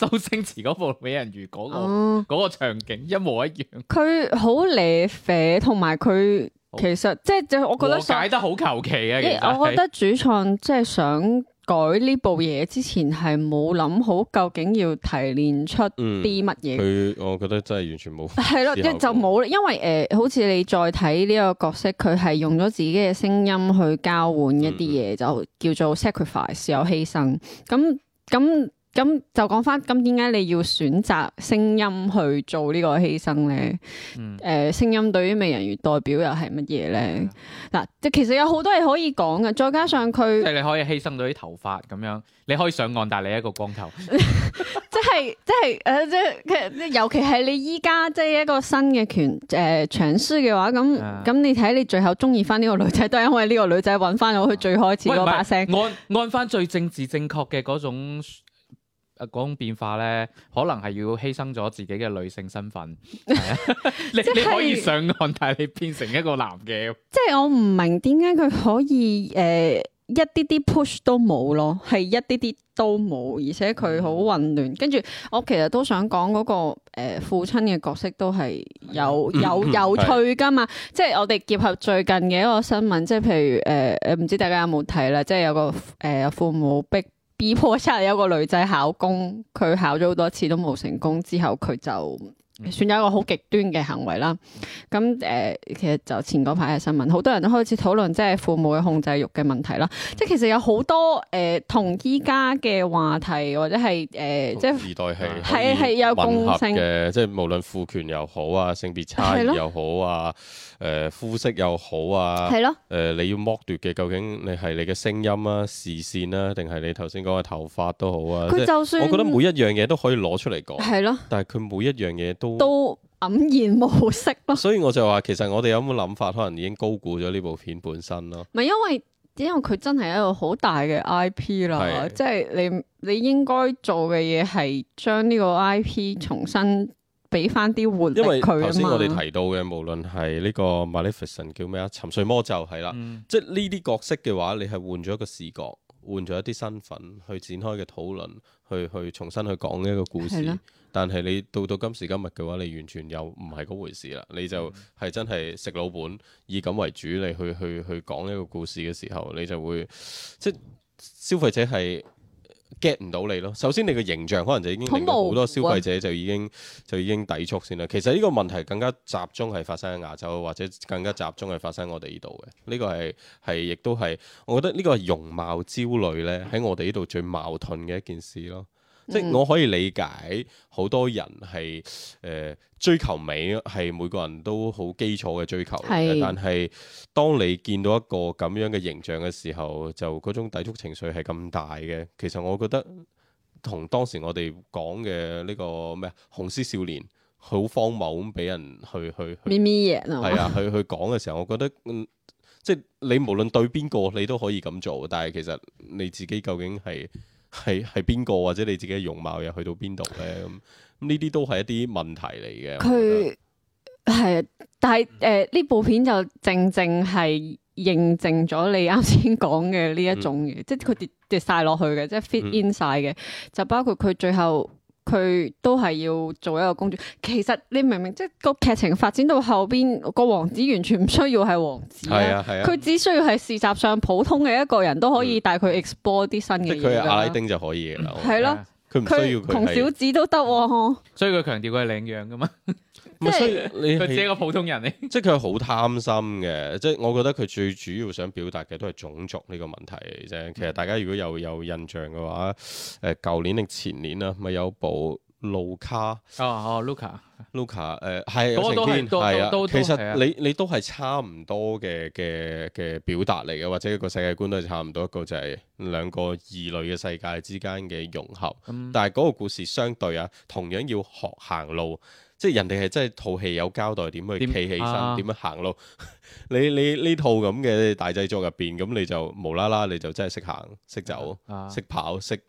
周星馳嗰部美人魚嗰、那個嗰、哦、個場景一模一樣。佢好扯扯，同埋佢其實即係，好就我覺得解得好求其啊。我覺得主創即係想。 改呢部嘢之前係冇諗好究竟要提煉出啲乜嘢？佢、嗯、我覺得真係完全冇。係咯，一就冇，因為誒、呃，好似你再睇呢個角色，佢係用咗自己嘅聲音去交換一啲嘢，嗯、就叫做 sacrifice 有犧牲。咁咁。咁就講翻，咁點解你要選擇聲音去做呢個犧牲咧？誒、嗯呃，聲音對於美人魚代表又係乜嘢咧？嗱、嗯，其實有好多嘢可以講嘅，再加上佢即係你可以犧牲到啲頭髮咁樣，你可以上岸，但係你一個光頭，即係即係誒，即、就、係、是呃、尤其係你依家即係一個新嘅權誒長師嘅話，咁咁、嗯、你睇你最後中意翻呢個女仔，都係因為呢個女仔揾翻到佢最開始嗰把聲，按按翻最政治正確嘅嗰種。啊，嗰種變化咧，可能係要犧牲咗自己嘅女性身份。 即係、 你你可以上岸， 但係你變成一個男嘅。即係、即係、我唔明點解佢可以誒、uh, 一啲啲 push 都冇咯，係一啲啲都冇，而且佢好混亂。跟住我其實都想講嗰、嗰個、呃、父親嘅角色都係有有有，有有趣噶嘛。即係 是我哋結合最近嘅一個新聞，即係譬如誒唔、呃、知大家有冇睇啦，即係有個誒父母逼。呃逼迫出嚟有個女仔考公，佢考咗好多次都冇成功，之後佢就。算有一個好極端嘅行為啦。咁誒、呃，其實就前嗰排嘅新聞，好多人都開始討論，即係父母嘅控制欲嘅問題啦。即係 其實有好多誒、呃，同依家嘅話題或者係誒，呃時啊、即係時代係係係有共性嘅，即係無論父權又好啊，性別差又好啊，誒膚色又好啊，係咯的，誒、呃、你要剝奪嘅究竟你係你嘅聲音啊、視線啊，定係你頭先講嘅頭髮都好啊。佢就算我覺得每一樣嘢都可以攞出嚟講，係咯的，的但係佢每一樣嘢都。的都黯然無色咯， 所以我就話，其實我哋有冇諗法，可能已經高估咗呢部片本身咯。唔係因為因為佢真係一個好大嘅 I P 啦，的即係你你應該做嘅嘢係將呢個 I P 重新俾翻啲活力佢啊嘛。因為頭先我哋提到嘅，無論係呢個 Maleficent 叫咩啊，沉睡魔咒係啦，嗯、即係呢啲角色嘅話，你係換咗一個視角，換咗一啲身份去展開嘅討論，去去，去重新去講呢一個故事。但係你到到今時今日嘅話，你完全又唔係嗰回事啦。你就係真係食老本，以咁為主你去去去講呢個故事嘅時候，你就會即消費者係 get 唔到你咯。首先你嘅形象可能就已經令到好多消費者就已經就已經抵觸先啦。其實呢個問題更加集中係發生喺亞洲，或者更加集中係發生我哋呢度嘅。呢個係係亦都係，我覺得呢個係容貌焦慮呢，喺我哋呢度最矛盾嘅一件事咯。即我可以理解好多人係誒、呃、追求美係每個人都好基礎嘅追求，是但係當你見到一個咁樣嘅形象嘅時候，就嗰種抵觸情緒係咁大嘅。其實我覺得同當時我哋講嘅呢個咩啊《雄獅少年》好荒謬咁俾人去去去，係 啊，去去講嘅時候，我覺得、嗯、即係你無論對邊個你都可以咁做，但係其實你自己究竟係。係係邊個，或者你自己嘅容貌又去到邊度咧？咁呢啲都係一啲問題嚟嘅。佢係他，但係誒，呢部片就正正係認證咗你啱先講嘅呢一種嘢、嗯，即係佢跌跌晒落去嘅，即係 fit in 晒嘅，嗯、就包括佢最後。佢都係要做一個公主。其實你明唔明即係個劇情發展到後邊，個王子完全唔需要係王子啦。佢、啊啊、只需要係事實上普通嘅一個人都可以帶佢 explore 啲新嘅嘢嘅。即係佢係阿拉丁就可以嘅啦。係咯、 啊，佢唔需要佢。窮小子都得、啊，嗯、 所以佢強調佢係領養嘅嘛。 唔係，所以你佢只係一個普通人嚟， 即係佢好貪心嘅。即、就、係、是、我覺得佢最主要想表達嘅都係種族呢個問題啫。其實大家如果又有，有印象嘅話，誒、呃、舊年定前年啊，咪有部路卡啊，哦，路卡、呃，路卡，誒係、呃，我都見，係啊，都都其實你你都係差唔多嘅嘅嘅表達嚟嘅，或者一個世界觀都係差唔多，一個就係、是、兩個異類嘅世界之間嘅融合。嗯、但係嗰個故事相對啊，同樣要學行路。即係人哋係真係套戲有交代點去企起身，點樣行路。 你你呢套咁嘅大製作入邊，咁你就無啦啦，你就真係識行、識走、識、啊、跑、識誒，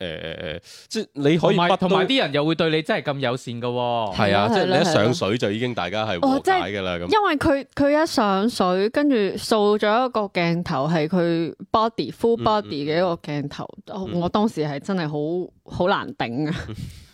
嗯啊、即係你可以。同埋啲人又會對你真係咁友善嘅喎。係、嗯嗯、啊，即係、啊啊、你一上水就已經大家係和解嘅啦。咁因為佢佢一上水，跟住掃咗一個鏡頭係佢 body full body 嘅一個鏡頭，我當時係真係好好難頂啊！嗯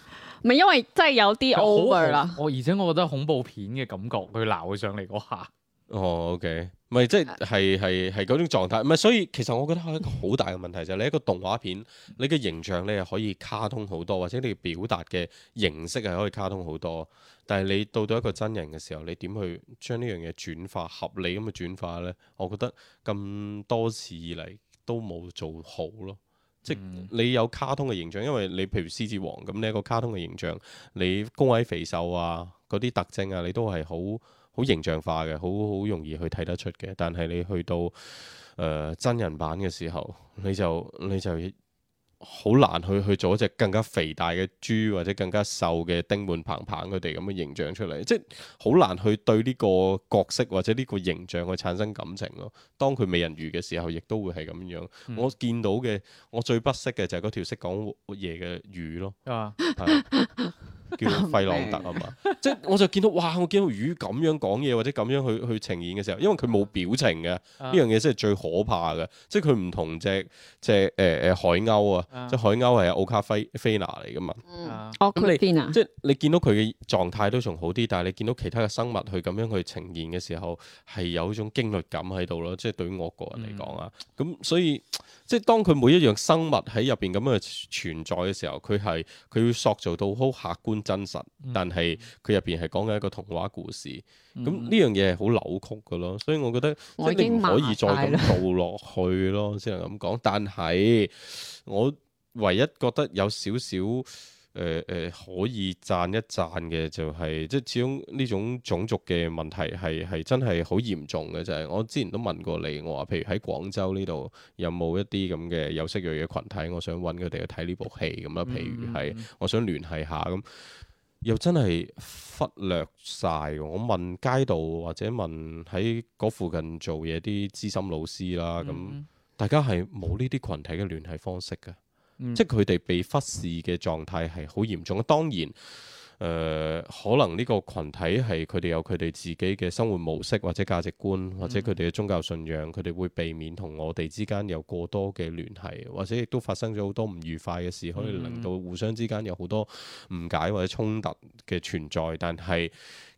咪，因為真係有啲 over，而且我覺得恐怖片嘅感覺，佢鬧上嚟嗰下，哦，oh，OK，唔係即係係係係嗰種狀態，唔係所以其實我覺得係一個好大嘅問題就係、係、 你一個動畫片，你嘅形象你係可以卡通好多，或者你要表達嘅形式係可以卡通好多，但係你到到一個真人嘅時候，你點去將呢樣嘢轉化合理咁嘅轉化呢？我覺得咁多次以嚟都冇做好咯。即你有卡通嘅形象，因為你譬如獅子王咁，你一個卡通嘅形象，你高矮肥瘦啊嗰啲特徵啊，你都係好好形象化嘅，好好容易去睇得出嘅。但係你去到誒、呃、真人版嘅時候，你就你就。好難去去做一隻更加肥大嘅豬，或者更加瘦嘅丁滿彭彭佢哋咁嘅形象出嚟，即係好難去對呢個角色或者呢個形象去產生感情咯。當佢美人魚嘅時候，亦都會係咁樣。嗯、我見到嘅我最不識嘅就係嗰條識講嘢嘅魚咯。啊的 叫費朗特啊嘛， 即係我就見到哇，我見到魚咁樣講嘢或者咁樣去去呈現嘅時候，因為佢冇表情嘅呢、啊、樣嘢真係最可怕嘅，即係佢唔同隻隻誒誒海鷗啊，啊即係海鷗係奧卡菲菲娜嚟噶嘛，奧卡菲娜，即係你見到佢嘅狀態都仲好啲，但係你見到其他嘅生物去咁樣去呈現嘅時候，係有一種驚栗感喺度咯，即係對於我個人嚟講啊，咁、嗯、所以即係當佢每一樣生物喺入邊咁樣存在嘅時候，佢係佢會塑造到好客觀。真實，但係佢入邊係講緊一個童話故事，咁呢、嗯、樣嘢係好扭曲嘅咯，所以我覺得我即係唔可以再咁做落去咯，先係咁講。但係我唯一覺得有少少。誒誒、呃、可以讚一讚嘅就係、是，即係始終呢種種族嘅問題係係真係好嚴重嘅，就係、是、我之前都問過你，我話譬如喺廣州呢度有冇一啲咁嘅有色弱嘅群體，我想揾佢哋去睇呢部戲咁啦，譬如係、嗯、我想聯繫下，咁又真係忽略晒。我問街道或者問喺嗰附近做嘢啲資深老師啦，咁大家係冇呢啲群體嘅聯繫方式嘅。嗯、即係佢哋被忽視嘅狀態係好嚴重嘅。當然，誒、呃、可能呢個群體係佢哋有佢哋自己嘅生活模式或者價值觀，嗯、或者佢哋嘅宗教信仰，佢哋會避免同我哋之間有過多嘅聯繫，或者亦都發生咗好多唔愉快嘅事，嗯、可以令到互相之間有好多誤解或者衝突嘅存在。但係，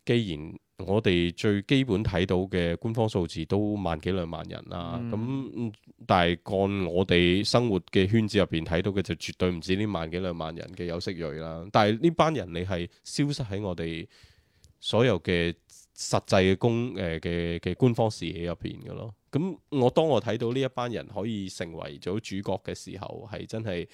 既然我哋最基本睇到嘅官方數字都萬幾兩萬人啦，咁、嗯嗯、但係跟我哋生活嘅圈子入邊睇到嘅就絕對唔止呢萬幾兩萬人嘅有息率啦，但係呢班人你係消失喺我哋所有嘅實際嘅公誒嘅嘅官方視野入邊嘅咯。咁我當我睇到呢一班人可以成為咗主角嘅時候，係真係。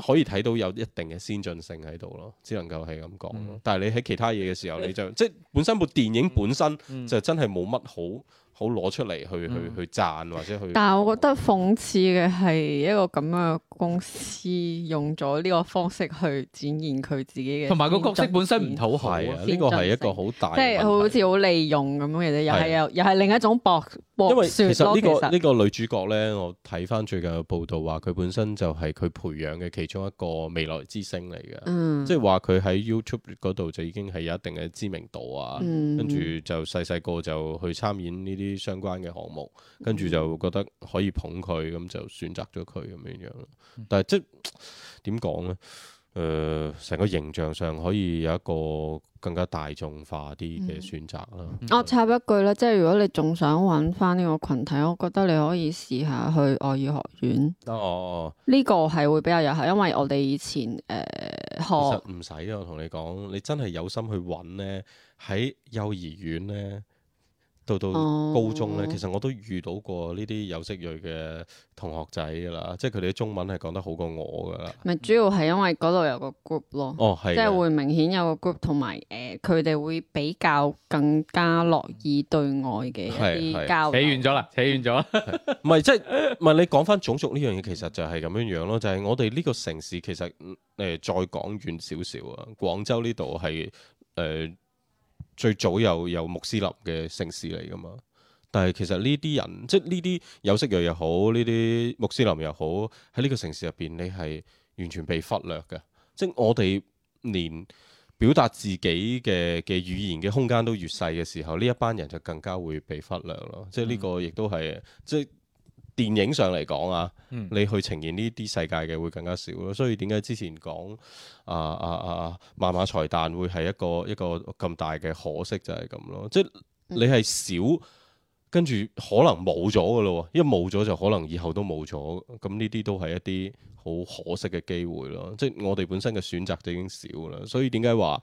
可以睇到有一定嘅先進性喺度咯，只能夠係咁講。嗯、但係你喺其他嘢嘅時候，你就 即係本身部電影本身就真係冇乜好。好攞出嚟去、嗯、去去讚或者去，但係我覺得諷刺嘅係一個咁樣嘅公司用咗呢個方式去展現佢自己嘅，同埋個角色本身唔好係啊，呢個係一個好大，即係好似好利用咁樣嘅嘢，又係的又係另一種博博。因為其實呢、個呢實個女主角咧，我睇翻最近嘅報道話，佢本身就係佢培養嘅其中一個未來之星嚟嘅。嗯、即係話佢喺 YouTube 度就已經係有一定嘅知名度啊，嗯、跟住就細細個就去參演呢啲。相關嘅項目，跟住就覺得可以捧佢，咁就選擇咗佢咁樣樣。但係即係點講咧？誒，成、呃、個形象上可以有一個更加大眾化啲嘅選擇啦。嗯、對我插一句啦，即係如果你仲想揾翻呢個群體，嗯、我覺得你可以試下去外語學院。哦，呢、哦、個係會比較有效，因為我哋以前誒、呃、學唔使，我同你講，你真係有心去揾呢，喺幼兒園呢。到到高中咧，其實我都遇到過呢啲有色裔嘅同學仔㗎喇，即係佢哋啲中文係講得好過我㗎喇。唔係主要係因為嗰度有個 group 咯，哦、即係會明顯有個 group，同埋誒佢哋會比較更加樂意對外嘅一啲交流。扯遠咗啦，扯遠咗。唔係 即係唔係你講返種族呢樣嘢，其實就係咁樣樣咯，就係、是、我哋呢個城市其實誒、呃、再講遠少少啊，廣州呢度係誒，呃最早有有，有穆斯林嘅城市嚟㗎嘛？但係其實呢啲人，即係呢啲有色裔又好，呢啲穆斯林又好，喺呢個城市入邊，你係完全被忽略嘅。即係我哋連表達自己嘅嘅語言嘅空間都越細嘅時候，呢一班人就更加會被忽略咯。即係呢個亦都係即係。電影上嚟講啊，嗯、你去呈現呢啲世界嘅會更加少咯，所以點解之前講啊啊啊漫漫財旦會係一個一個咁大嘅可惜就係咁咯，即係你係少。嗯。跟住可能冇咗噶咯，一冇咗就可能以後都冇咗，咁呢啲都係一啲好可惜嘅機會咯。即係我哋本身嘅選擇就已經少啦，所以點解話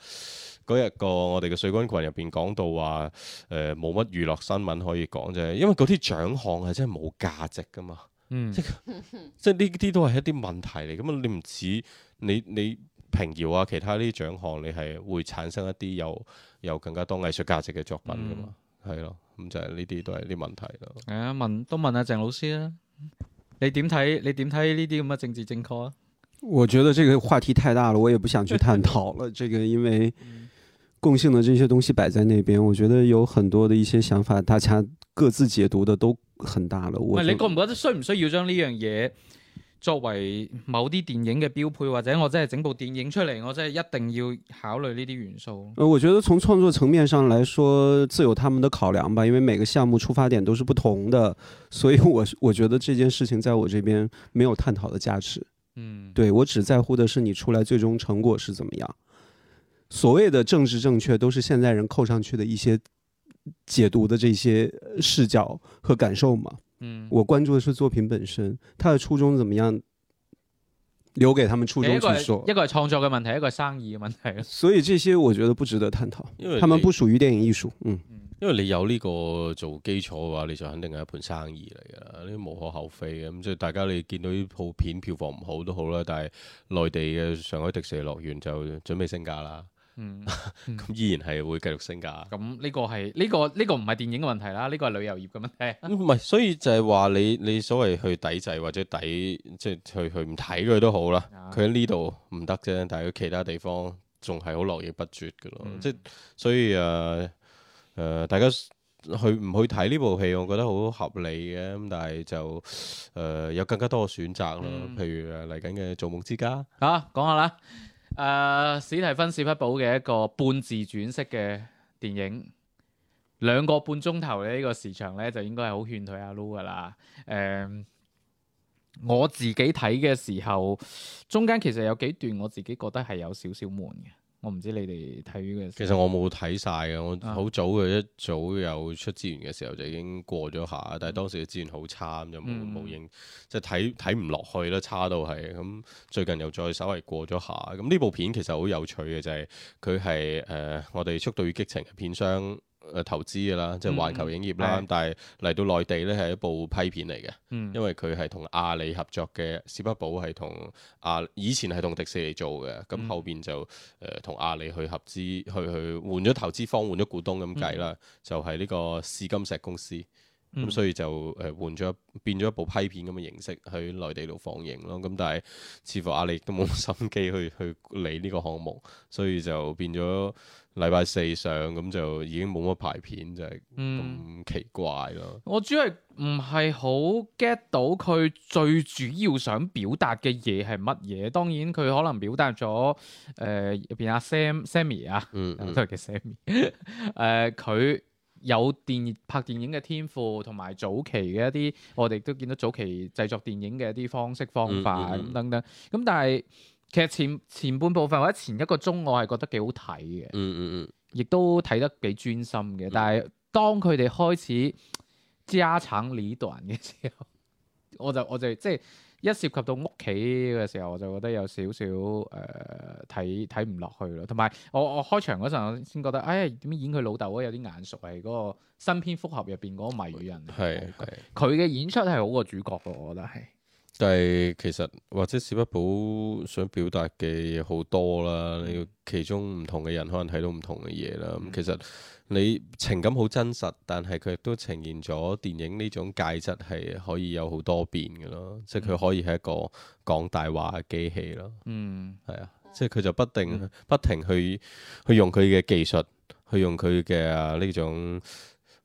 嗰日個我哋嘅水軍群入邊講到話，誒冇乜娛樂新聞可以講啫，因為嗰啲獎項係真係冇價值噶嘛。嗯，即係呢啲都係一啲問題嚟，咁啊你唔似，你你平遙啊其他啲獎項，你係會產生一啲有有更加多藝術價值嘅作品噶嘛，係咯、嗯。咁就係呢啲都係啲問題咯。係啊問，都問阿鄭老師啦。你點睇？你點睇呢啲咁嘅政治正確啊？我覺得這個話題太大了，我也不想去探討了。 這個因為共性的這些東西擺在那邊，我覺得有很多的一些想法，大家各自解讀的都很大了。我，你覺唔覺得需唔需要將呢樣嘢，作為某啲電影嘅標配，或者我真係整部電影出嚟，我真係一定要考慮呢啲元素。誒、呃，我覺得從創作層面上來說，自有他們的考量吧，因為每個項目出發點都是不同的，所以我我覺得這件事情在我這邊沒有探討的價值。嗯，對我只在乎的是你出來最終成果是怎麼樣。所謂的政治正確，都是現代人扣上去的一些解讀的這些視角和感受嘛？嗯，我關注的是作品本身，他的初衷怎麼樣，留給他們初衷去說一。一個係創作嘅問題，一個係生意嘅問題。所以這些我覺得不值得探討，因為他們不屬於電影藝術。嗯，因為你有呢個做基礎嘅話，你就肯定係一盤生意嚟嘅，呢冇可厚非嘅。咁所以大家你見到呢套片票房唔好都好啦，但係內地嘅上海迪士尼樂園就準備升價啦。嗯，咁 依然係會繼續升價、嗯。咁、嗯、呢個係呢、這個呢、這個唔係電影嘅問題啦，呢、這個係旅遊業咁樣、嗯。唔係，所以就係話你你所謂去抵制或者抵，者抵即係去去唔睇佢都好啦。佢喺呢度唔得啫，但係佢其他地方仲係好絡繹不絕嘅咯。嗯、即係所以誒誒、呃呃，大家去唔去睇呢部戲，我覺得好合理嘅。咁但係就誒、呃、有更加多嘅選擇咯。譬如誒嚟緊嘅《造、啊、夢之家》嗯、啊，講下啦。誒、uh，史提芬史匹堡嘅一個半自傳式嘅電影，兩個半鐘頭嘅呢個時長咧就應該係好勸退阿 Lou 噶啦。誒、uh，我自己睇嘅時候，中間其實有幾段我自己覺得係有少少悶嘅。我唔知你哋睇呢個，其實我冇睇晒嘅，我好早嘅一早有出資源嘅時候就已經過咗下，但係當時嘅資源好差，咁就冇冇、嗯嗯、影，即係睇睇唔落去啦，差到係咁。最近又再稍微過咗下，咁呢部片其實好有趣嘅就係佢係誒我哋《速度與激情》嘅片商，誒、啊、投資嘅啦，即係環球影業啦。嗯嗯、但係嚟到內地咧，係一部批片嚟嘅，嗯、因為佢係同阿里合作嘅。史匹堡係同阿以前係同迪士尼做嘅，咁、嗯、後邊就誒同、呃、阿里去合資，去去換咗投資方，換咗股東咁計啦。嗯、就係呢個試金石公司，咁、嗯、所以就誒換咗變咗一部批片咁嘅形式喺內地度放映咯。咁但係似乎阿里亦都冇心機去去，去理呢個項目，所以就變咗。禮拜四上咁就已經冇乜排片，就係、是、咁奇怪咯、嗯。我主要係唔係好 get 到佢最主要想表達嘅嘢係乜嘢。當然佢可能表達咗誒入邊阿 Sam、Sammy 啊，都係叫 Sammy。誒、嗯、佢、啊、有電拍電影嘅天賦，同埋早期嘅一啲我哋都見到早期製作電影嘅一啲方式方法咁等等。咁、嗯嗯、但係其實前前半部分或者前一個鐘我係覺得幾好睇嘅，嗯嗯嗯，亦都睇得幾專心嘅。嗯嗯，但係當佢哋開始家產呢段嘅時候，我就我就即係、就是、一涉及到屋企嘅時候，我就覺得有少少誒睇睇唔落去咯。同埋我我開場嗰陣，我先覺得，哎，點解演佢老豆啊？有啲眼熟，係嗰個新編復合入邊嗰個謎語人。係佢嘅演出係好過主角嘅，我覺得係。但係其實或者史匹堡想表達嘅嘢好多啦，呢個、嗯、其中唔同嘅人可能睇到唔同嘅嘢啦。咁、嗯、其實你情感好真實，但係佢亦都呈現咗電影呢種介質係可以有好多變嘅咯。嗯、即係佢可以係一個講大話嘅機器咯。嗯，係啊，即係佢就不定、嗯、不停去去用佢嘅技術，去用佢嘅呢種。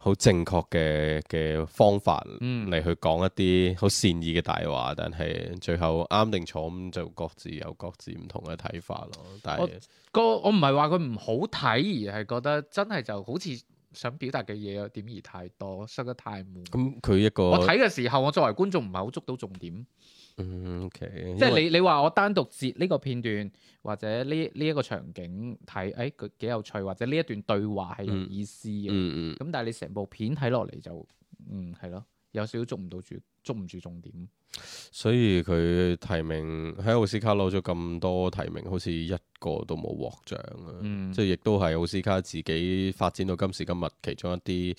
好正確嘅嘅方法嚟去講一啲好善意嘅大話，但係最後啱定錯，咁就各自有各自唔同嘅睇法咯。但係個我唔係話佢唔好睇，而係覺得真係就好似想表達嘅嘢有點而太多，塞得太滿。咁佢一個我睇嘅時候，我作為觀眾唔係好捉到重點。嗯，OK，即係你因為你話我單獨截呢個片段或者呢呢一個場景睇，誒、哎，佢幾有趣，或者呢一段對話係有意思嘅，咁、嗯嗯、但係你成部片睇落嚟就，嗯，係咯，有少少捉唔到住，捉唔住重點。所以佢提名喺奧斯卡攞咗咁多提名，好似一。個都冇獲獎啊，嗯、即係亦都係奧斯卡自己發展到今時今日其中一啲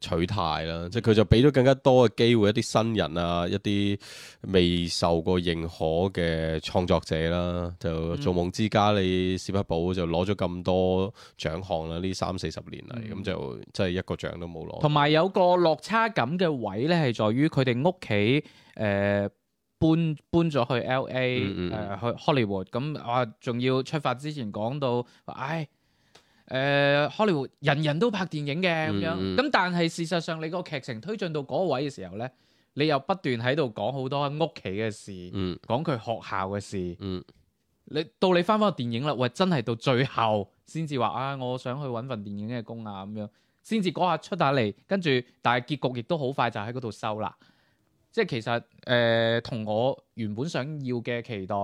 取態啦，嗯、即係佢就俾咗更加多嘅機會一啲新人啊，一啲未受過認可嘅創作者啦，就《造夢之家》你史匹堡就攞咗咁多獎項啦，呢三四十年嚟咁、嗯、就真係一個獎都冇攞，同埋有，有個落差感嘅位呢，係在於佢哋屋企誒。搬搬咗去 L.A. 誒去 Hollywood 咁，我仲、呃、要出發之前講到，唉誒、呃、Hollywood 人人都拍電影嘅咁、嗯嗯、樣，咁但係事實上你個劇情推進到嗰位嘅時候咧，你又不斷喺度講好多屋企嘅事，講佢、嗯、學校嘅事，嗯、你到你翻返個電影啦，喂真係到最後先至話啊，我想去揾份電影嘅工啊咁樣，先至嗰下出下嚟，跟住但係結局亦都好快就喺嗰度收啦。即係其實誒、呃、同我原本想要嘅期待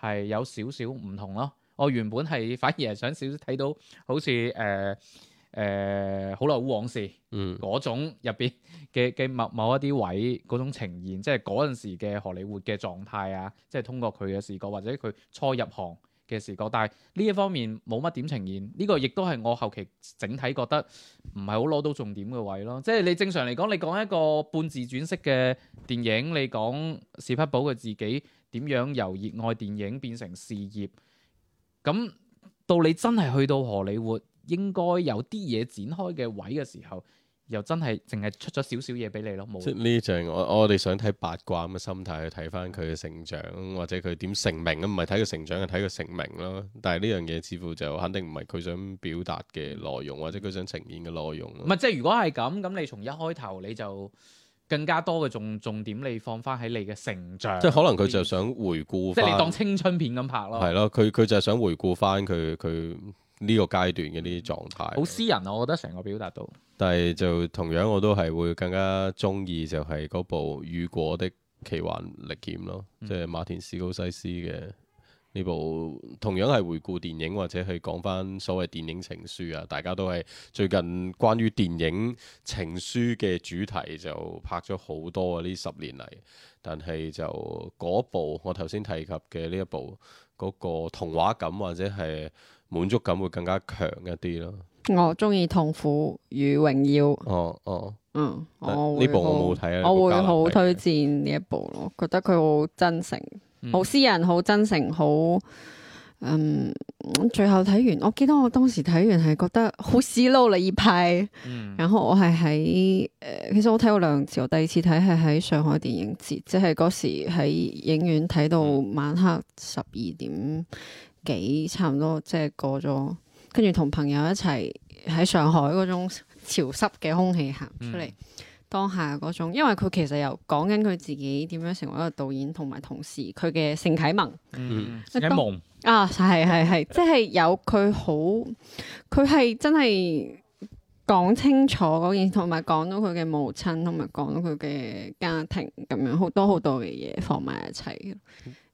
係有少少唔同咯。我原本係反而係想少少睇到好似誒誒好萊塢往事嗰、嗯、種入邊嘅嘅某某一啲位嗰種呈現，即係嗰陣時嘅荷里活嘅狀態啊，即係通過佢嘅視覺或者佢初入行嘅視角，但係呢一方面冇乜點呈現，呢個亦都係我後期整體覺得唔係好攞到重點嘅位咯。即係你正常嚟講，你講一個半自傳式嘅電影，你講史匹堡嘅自己點樣由熱愛電影變成事業，咁到你真係去到荷里活，應該有啲嘢展開嘅位嘅時候。又真係淨係出咗少少嘢俾你咯，冇。即呢？就係我我哋想睇八卦咁嘅心態去睇翻佢嘅成長，或者佢點成名啊？唔係睇佢成長，係睇佢成名咯。但係呢樣嘢似乎就肯定唔係佢想表達嘅內容，或者佢想呈現嘅內容。唔係，即係如果係咁，咁你從一開頭你就更加多嘅重重點，你放翻喺你嘅成長。即係可能佢就想回顧回。即係你當青春片咁拍咯。係咯，佢佢就係想回顧翻佢佢呢個階段嘅呢啲狀態、嗯。好私人啊，我覺得成個表達到。但係就同樣我都係會更加中意就係嗰部《雨果的奇幻歷險》咯，即係、嗯、馬田史高西斯嘅呢部，同樣係回顧電影或者去講返所謂電影情書啊！大家都係最近關於電影情書嘅主題就拍咗好多啊！呢十年嚟，但係就嗰部我頭先提及嘅呢一部，嗰、嗰個童話感或者係滿足感會更加強一啲咯。我中意痛苦與榮耀。哦哦，嗯，我呢部我冇睇，我會好推薦呢一部咯，覺得佢好真誠，好私人，好真誠，好嗯，最後睇完，我記得我當時睇完係覺得好屎撈啦，而派、嗯。然後我係喺誒，其實我睇過兩次，我第二次睇係喺上海電影節，即係嗰時喺影院睇到晚黑十二點幾，差唔多即係、就是、過咗。跟住同朋友一齊喺上海嗰種潮濕嘅空氣行出嚟，嗯、當下嗰種，因為佢其實又講緊佢自己點樣成為一個導演，同埋同事。佢嘅性啟蒙，嗯，啟蒙當、嗯、啊，係係係，嗯、即係有佢好，佢係真係講清楚嗰件事，同埋講到佢嘅母親，同埋講到佢嘅家庭，咁樣好多好多嘅嘢放埋一齊。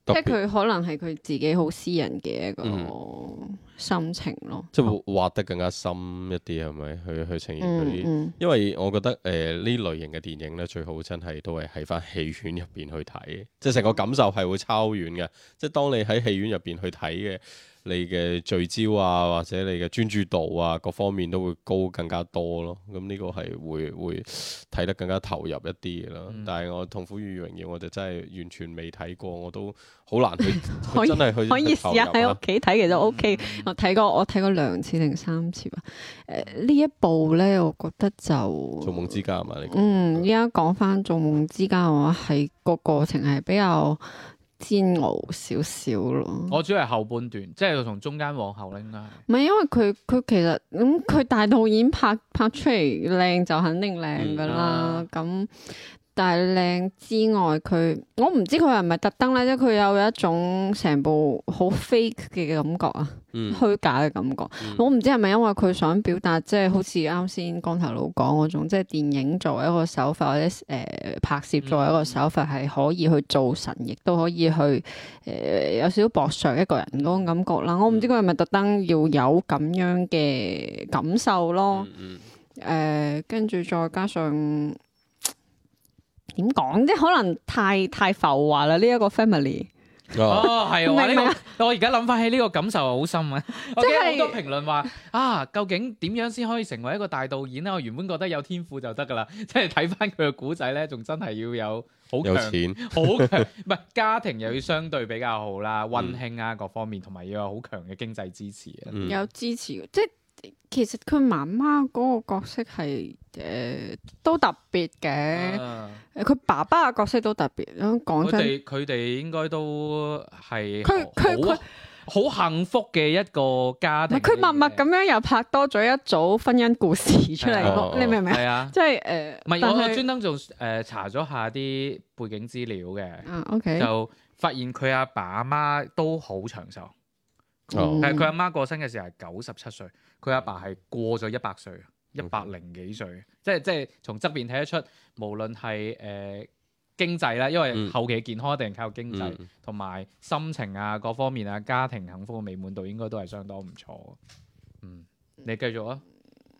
即係佢可能係佢自己好私人嘅一個、嗯、心情咯，嗯、即係會畫得更加深一啲係咪？去去呈現佢啲，嗯嗯、因為我覺得誒呢、呃、類型嘅電影咧，最好真係都係喺翻戲院入邊去睇，即係成個感受係會超遠嘅。嗯、即係當你喺戲院入邊去睇嘅。你嘅聚焦啊，或者你嘅專注度啊，各方面都會高更加多咯。咁呢個係會會睇得更加投入一啲嘅啦。但係我痛苦與榮耀，我就真係完全未睇過，我都好難去 以真係去可。可以可以試下喺屋企睇，其實 O、OK, K、嗯。我睇過，我睇過兩次定三次啊。誒、呃、呢一部咧，我覺得就造夢之家啊嘛。你嗯，依家講翻造夢之家嘅話，係個過程係比較，煎熬少少咯，我主要係後半段，即係從中間往後咧，應該唔係因為佢佢其實咁，佢、嗯、大導演拍拍出嚟靚就肯定靚噶啦，咁、嗯啊。但係靚之外，佢我唔知佢係咪特登咧，即係佢有一種成部好 fake 嘅感覺啊，虛假嘅感覺。嗯、我唔知係咪因為佢想表達，即係好似啱先光頭佬講嗰種，即係電影作為一個手法或者誒、呃、拍攝作為一個手法，係可以去做神，亦都可以去誒、呃、有少少薄削一個人嗰種感覺啦。我唔知佢係咪特登要有咁樣嘅感受咯。誒、嗯嗯嗯呃，跟住再加上。點講，即係可能太太浮華啦呢一個 family。哦、oh, 係啊，我我而家諗翻起呢個感受好深啊。即 係好多評論話啊，究竟點樣先可以成為一個大導演咧？我原本覺得有天賦就得噶啦，即係睇翻佢嘅古仔咧，仲真係要有好強、好強有錢，唔 係家庭又要相對比較好啦，温馨啊，嗯、各方面，同埋要有好強嘅經濟支持啊。嗯、有支持，即係。其實佢媽媽嗰個角色係誒、呃、都特別嘅，佢、啊呃、爸爸嘅角色都特別。咁講真，佢哋佢哋應該都係佢佢佢好幸福嘅一個家庭。佢默默咁樣又拍多咗一組婚姻故事出嚟，啊、 你明唔明啊？即係誒，唔、呃、係是是我專登做誒查咗下啲背景資料嘅。啊、o、okay，就發現佢阿爸阿媽都好長壽。但係佢阿媽過身嘅時候係九十七歲，佢阿爸係過咗一百歲，一百零幾歲，即係即係從側邊睇得出，無論係誒經濟啦，因為後期嘅健康一定靠經濟，同埋、嗯、心情啊各方面啊，家庭幸福嘅美滿度應該都係相當唔錯。嗯，你繼續啊。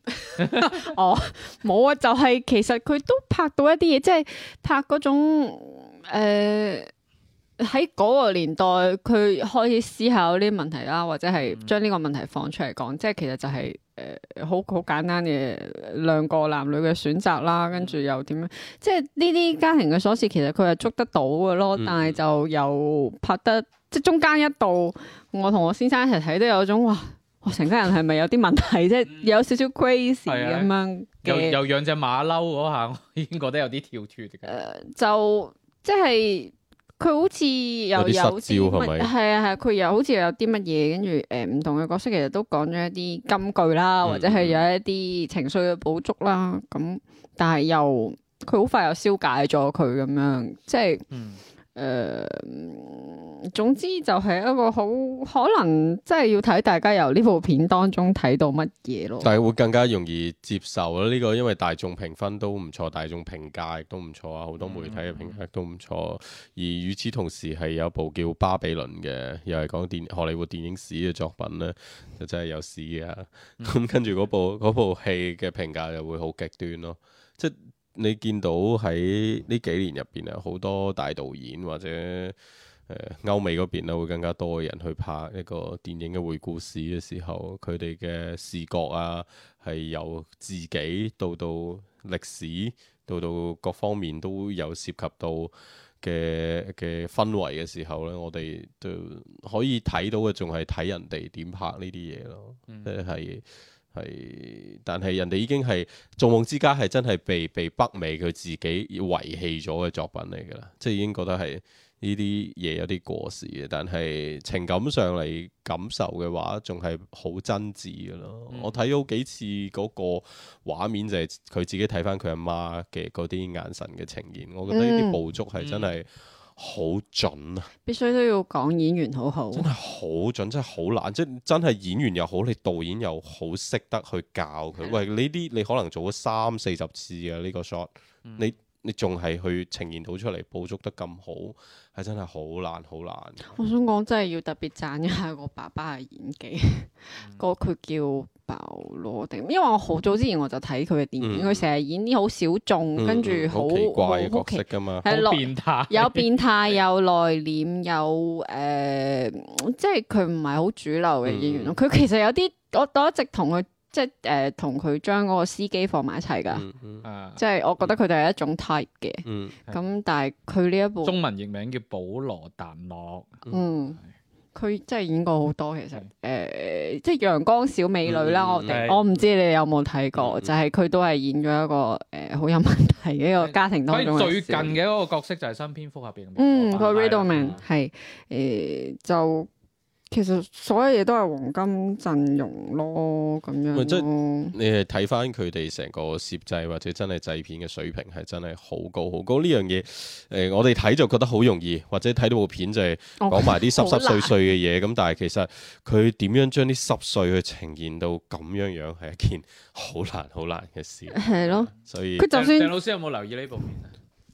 哦，冇啊，就係、是、其實佢都拍到一啲嘢，即、就、係、是、拍嗰種誒。呃喺嗰個年代，佢開始思考呢啲問題啦，或者係將呢個問題放出嚟講，嗯、即係其實就係誒好好簡單嘅兩個男女嘅選擇啦。跟住又點樣？即係呢啲家庭嘅鎖匙，其實佢係捉得到嘅咯。嗯、但係就又拍得即係中間一度，我同我先生一齊睇都有種話，哇，成家人係咪有啲問題？即係有少少 crazy 咁樣又又由養隻馬騮嗰下，我已經覺得有啲跳脱嘅、呃。就即係。就係就係就係佢好似又有啲乜？係啊係啊，佢又好似有啲乜嘢，跟住誒唔同嘅角色其實都講咗一啲金句啦，或者係有一啲情緒嘅補足啦，咁、嗯、但係又佢好快又消解咗佢咁樣，即係。嗯誒、呃，總之就係一個好，可能真係要睇大家由呢部片當中睇到乜嘢咯。但係會更加容易接受咯，呢、這個因為大眾評分都唔錯，大眾評價亦都唔錯啊，好多媒體嘅評價亦都唔錯。嗯嗯嗯，而與此同時係有部叫《巴比倫》嘅，又係講電荷里活電影史嘅作品呢，嗯、就真係有史嘅。咁、嗯、 跟住嗰部嗰部戲嘅評價又會好極端咯，即你見到喺呢幾年入邊啊，好多大導演或者誒、呃、歐美嗰邊咧，會更加多嘅人去拍一個電影嘅回顧史嘅時候，佢哋嘅視覺啊，係由自己到到歷史，到到各方面都有涉及到嘅嘅氛圍嘅時候咧，我哋都可以睇到嘅，仲係睇人哋點拍呢啲嘢咯，嗯、即係。係，但係人哋已經係造夢之家，係真係被被北美佢自己遺棄咗嘅作品嚟噶啦，即係已經覺得係呢啲嘢有啲過時嘅。但係情感上嚟感受嘅話，仲係好真摯嘅。咯、嗯。我睇咗幾次嗰個畫面，就係佢自己睇翻佢阿媽嘅嗰啲眼神嘅呈現，我覺得呢啲捕捉係真係。嗯嗯好準啊！必須都要講演員好好，真係好準，真係好難，即真係演員又好，你導演又好，識得去教佢。的喂，呢啲你可能做咗三四十次啊。呢、呢個 shot，、嗯、你你仲係去呈現到出嚟，捕捉得咁好，係真係好難，好難。我想講，真係要特別讚一下我爸爸嘅演技，嗰佢、嗯、 叫。保羅定，因為我好早之前我就睇佢嘅電影，佢成日演啲好小眾，跟住好奇怪嘅角色噶嘛，係咯，有變態，有變態，有內斂，有誒，即係佢唔係好主流嘅演員。佢其實有啲，我我一直同佢即係誒同佢將嗰個司機放埋一齊噶，即係我覺得佢就係一種 type 嘅。咁但係佢呢一部中文譯名叫《保羅達諾》。嗯。佢真係演過好多，其實誒是、呃，即係《陽光小美女》啦、嗯。我哋是我唔知你哋有冇睇過，嗯、就係佢都係演咗一個誒好、呃、有問題嘅一個家庭當中。最近嘅一個角色就係、是《新蝙蝠俠入邊，面那個、嗯，個 Riddleman 係誒就。其實所有嘢都係黃金陣容咯，咁樣咯。即你係睇翻佢哋成個攝製或者真係製片嘅水平係真係好高好高呢樣嘢。誒、呃，我哋睇就覺得好容易，或者睇到部片就係講埋啲濕濕碎碎嘅嘢。咁 但係其實佢點樣將啲濕碎去呈現到咁樣樣係一件好難好難嘅事。係 咯，所以佢就算鄭老師有冇留意呢部片？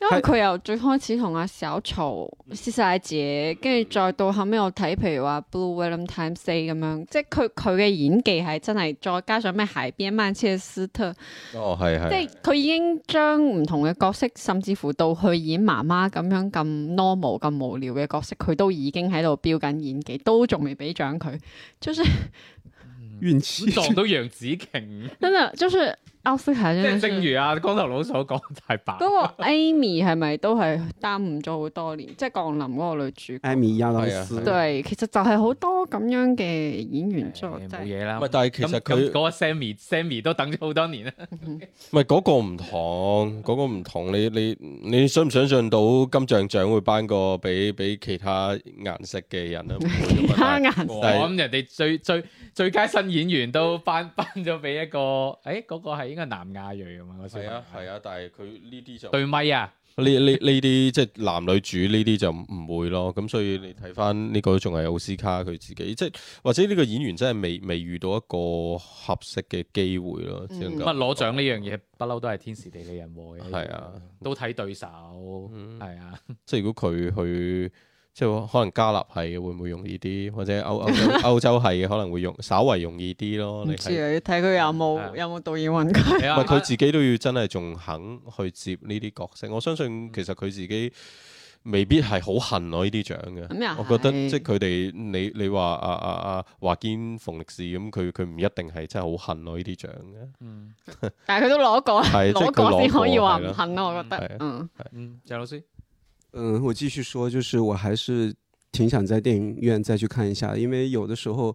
因為佢由最開始同阿小曹、撕曬姐，跟住再到後尾，我睇，譬如話 Blue Wedding、um、Time say 咁樣，即係佢佢嘅演技係真係，再加上咩海邊一班車斯特，哦係係，是是是即係佢已經將唔同嘅角色，甚至乎到去演媽媽咁樣咁 normal 咁無聊嘅角色，佢都已經喺度飆緊演技，都仲未俾獎佢，就是完全撞到楊紫瓊，真係 就是。我識下即係，正如阿光頭佬所講，係白。嗰個 Amy 係咪都係耽誤咗好多年？即係降臨嗰個女主 Amy 而家都係，都係其實就係好多咁樣嘅演員錯。冇嘢啦。唔係，但係其實佢嗰個 Sammy，Sammy 都等咗好多年啊。唔係嗰個唔同，嗰個唔同。你你你想唔想象到金像獎會頒個俾俾其他顏色嘅人啊？其他顏色。咁人哋最最最佳新演員都頒頒咗俾一個，誒嗰個係。因為南亞裔啊嘛，我時係啊係啊，但係佢呢啲就對咪啊，呢呢呢啲即係男女主呢啲就唔會咯。咁所以你睇翻呢個仲係奧斯卡佢自己，即、就、係、是、或者呢個演員真係未未遇到一個合適嘅機會咯。咁啊、嗯，攞獎呢樣嘢不嬲都係天時地利人和嘅，係啊，都睇對手，係、嗯、啊。 即係如果佢去。即係可能加納係嘅，會唔會容易啲？或者歐歐歐洲係嘅，可能會用稍為容易啲咯。唔知啊，你睇佢有冇有冇導演允許啊？佢自己都要真係仲肯去接呢啲角色。我相信其實佢自己未必係好恨攞呢啲獎嘅。我覺得即係佢哋，你你話阿阿阿華堅馮力士咁，佢佢唔一定係真係好恨攞呢啲獎嘅。但係佢都攞過，攞過先可以話唔恨咯。我覺得，嗯，老師。嗯，我繼續說，就是我還是挺想在電影院再去看一下，因為有的時候。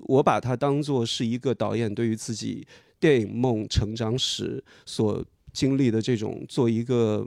我把它當作是一個導演對於自己電影夢成長史所經歷的這種做一個。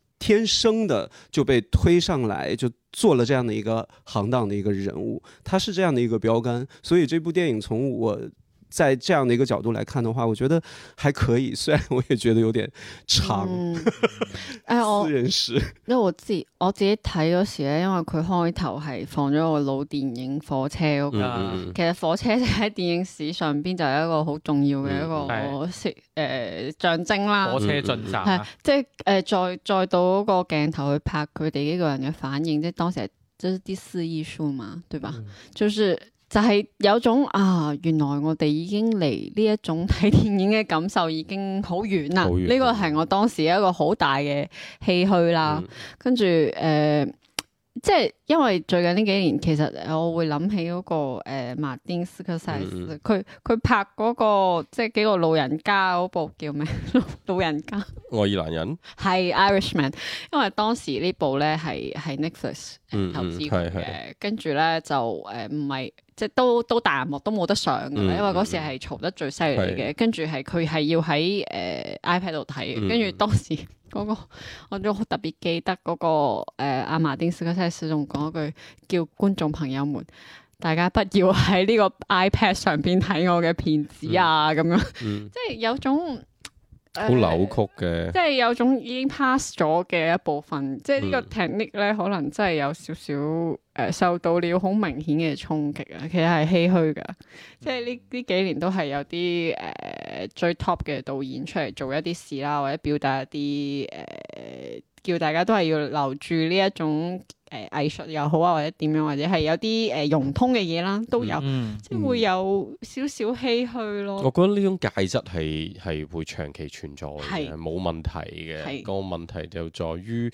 天生的就被推上來，就做了這樣的一個行當的一個人物，他是這樣的一個標杆，所以這部電影從我。在這樣的一個角度來看的話，我覺得還可以，雖然我也覺得有點長。嗯、 私人史事，那、哎、我自我，我自己睇嗰時咧，因為佢開頭係放咗個老電影火車嗰、那個嗯、其實火車喺電影史上邊就係一個好重要嘅一個誒、嗯呃、象徵啦。火車進站係即係誒再再到嗰個鏡頭去拍佢哋幾個人嘅反應，即係當時係第四藝術嘛，對吧？嗯、就是。就係有種啊，原來我哋已經離呢一種睇電影嘅感受已經好遠啦。呢個係我當時一個好大嘅唏噓啦。嗯、跟住誒、呃，即係因為最近呢幾年，其實我會諗起嗰、嗰個 Martin Scorsese，佢佢拍嗰、嗰個即係幾個老人家嗰部叫咩？老人家愛 爾蘭人係 Irishman，因為當時部呢部咧係係 Netflix 投資佢嘅。嗯嗯嗯跟住咧就誒唔係。 即都都大銀幕都冇得上嘅，因為嗰時係嘈得最犀利嘅。跟住係佢係要喺誒 iPad 度睇，跟住當時嗰、那個我都好特別記得嗰、那個、呃、阿馬丁斯基仲講一句，叫觀眾朋友們，大家不要喺呢個 iPad 上邊睇我嘅片子啊咁、嗯、樣，嗯、即係有種。好扭曲嘅、呃，即係有種已經 pass 咗嘅一部分，即係呢個 technique 咧，可能真係有少少誒、呃、受到了好明顯嘅衝擊啊！其實係唏噓噶，即係呢呢幾年都係有啲誒、呃、最 top 嘅導演出嚟做一啲事啦，或者表達一啲誒。呃叫大家都係要留住呢一種誒、呃、藝術又好啊，或者點樣，或者係有啲誒、呃、融通嘅嘢啦，都有，嗯、即係會有少少唏噓咯。我覺得呢種介質係係會長期存在嘅，冇是問題嘅。是個問題就在於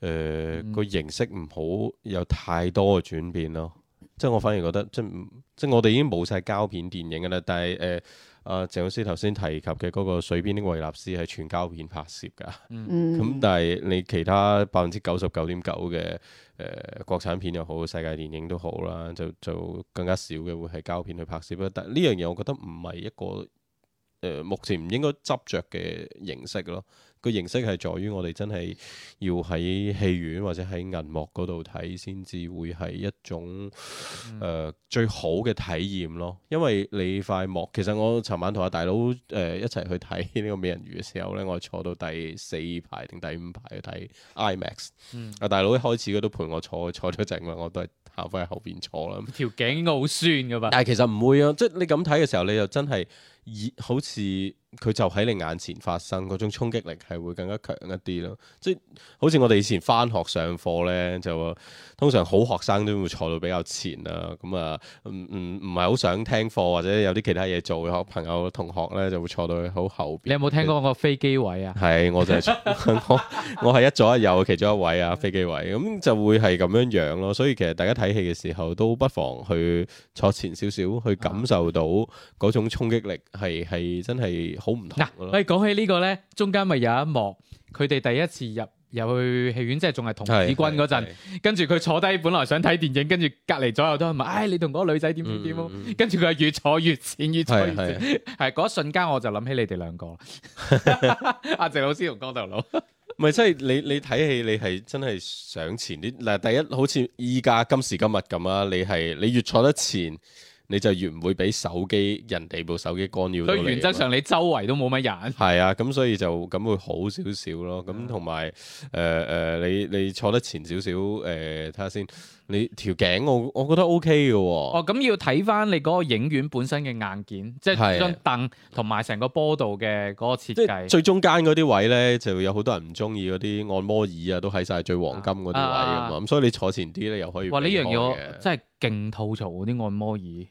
誒個形式唔好有太多嘅轉變咯。即係我反而覺得，即係即係我哋已經冇晒膠片電影㗎喇，但係誒。呃啊，鄭老師頭先提及嘅嗰個水邊的維納斯係全膠片拍攝㗎，咁、嗯嗯嗯、但係你其他百分之九十九點九嘅誒國產片又好，世界電影都好啦，就就更加少嘅會係膠片去拍攝啦。但呢樣嘢，我覺得唔係一個誒、呃、目前唔應該執着嘅形式咯。個形式係在於我哋真係要喺戲院或者喺銀幕嗰度睇，先至會係一種誒、嗯呃、最好嘅體驗咯。因為你塊幕其實我尋晚同阿大佬誒、呃、一齊去睇呢個美人魚嘅時候咧，我坐到第四排定第五排去睇 IMAX。阿、嗯、大佬一開始佢都陪我坐，坐咗陣嘛，我都係行返去後邊坐啦。條頸應該好酸㗎吧？但係其實唔會啊，即係你咁睇嘅時候，你又真係熱，好似～佢就喺你眼前發生，嗰種衝擊力係會更加強一啲咯。即係好似我哋以前返學上課呢，就通常好學生都會坐到比較前啊。咁、嗯、啊，唔唔唔係好想聽課或者有啲其他嘢做嘅，朋友同學呢，就會坐到去好後邊。你有冇聽過個飛機位啊？係，我就係坐 我我係一左一右其中一位啊，飛機位咁 就會係咁樣樣咯。所以其實大家睇戲嘅時候都不妨去坐前少少，去感受到嗰種衝擊力係係真係。好唔同嗱，誒講、啊、起個呢個咧，中間咪有一幕佢哋第一次入入去戲院，即係仲係童子軍嗰陣，是是是跟住佢坐低，本來想睇電影，跟住隔離左右都問，唉、哎，你同嗰個女仔點點點？跟住佢係越坐越前，越坐越前，係嗰是是 一瞬間，我就諗起你哋兩個 阿靜老師同光頭佬， 咪即係你你睇戲你係真係上前啲嗱，第一好似依家今時今日咁啊，你係你，你越坐得前。 你就越唔會俾手機人哋部手機干擾。所以原則上你周圍都冇乜人。係啊，咁所以就咁會好少少咯。咁同埋誒誒，你你坐得前少少誒，睇、呃、下先。你條頸我我覺得 O K 嘅。哦，咁要睇翻你嗰個影院本身嘅硬件，即係張凳同埋成個波度嘅嗰個設計。啊、最中間嗰啲位咧，就有好多人唔中意嗰啲按摩椅啊，都喺晒最黃金嗰啲位㗎嘛。咁、啊啊、所以你坐前啲咧，又可以。哇！呢樣嘢真係勁吐槽嗰啲按摩椅。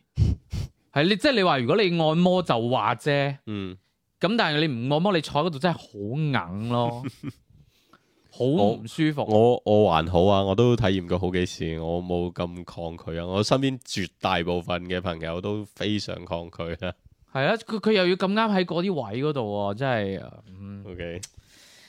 係 你即係你話，如果你按摩就話啫，咁、嗯、但係你唔按摩，你坐喺嗰度真係好硬咯，好唔 舒服我。我我還好啊，我都體驗過好幾次，我冇咁抗拒啊。我身邊絕大部分嘅朋友都非常抗拒啊 。係啊，佢佢又要咁啱喺嗰啲位嗰度啊，真係。嗯、OK。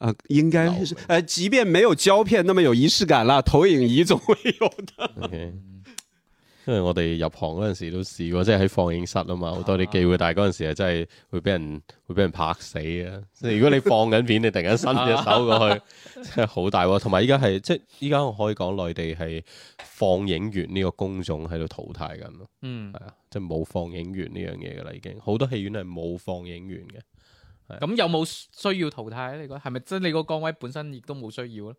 啊、呃，應該誒、呃，即便沒有膠片那麼有儀式感啦，投影儀總會有的。Okay. 因為我哋入行嗰陣時都試過，即係喺放映室啊嘛，好、啊、多啲機會，但係嗰陣時啊真係會俾人會俾人拍死啊！即係如果你放緊片，你突然間伸隻手過去，真係好大。同埋依家係即係依家我可以講內地係放映員呢個工種喺度淘汰緊咯。嗯，係啊，即係冇放映員呢樣嘢噶啦，已經好多戲院係冇放映員嘅。咁有冇需要淘汰啊？你覺得係咪即係你個崗位本身亦都冇需要咧？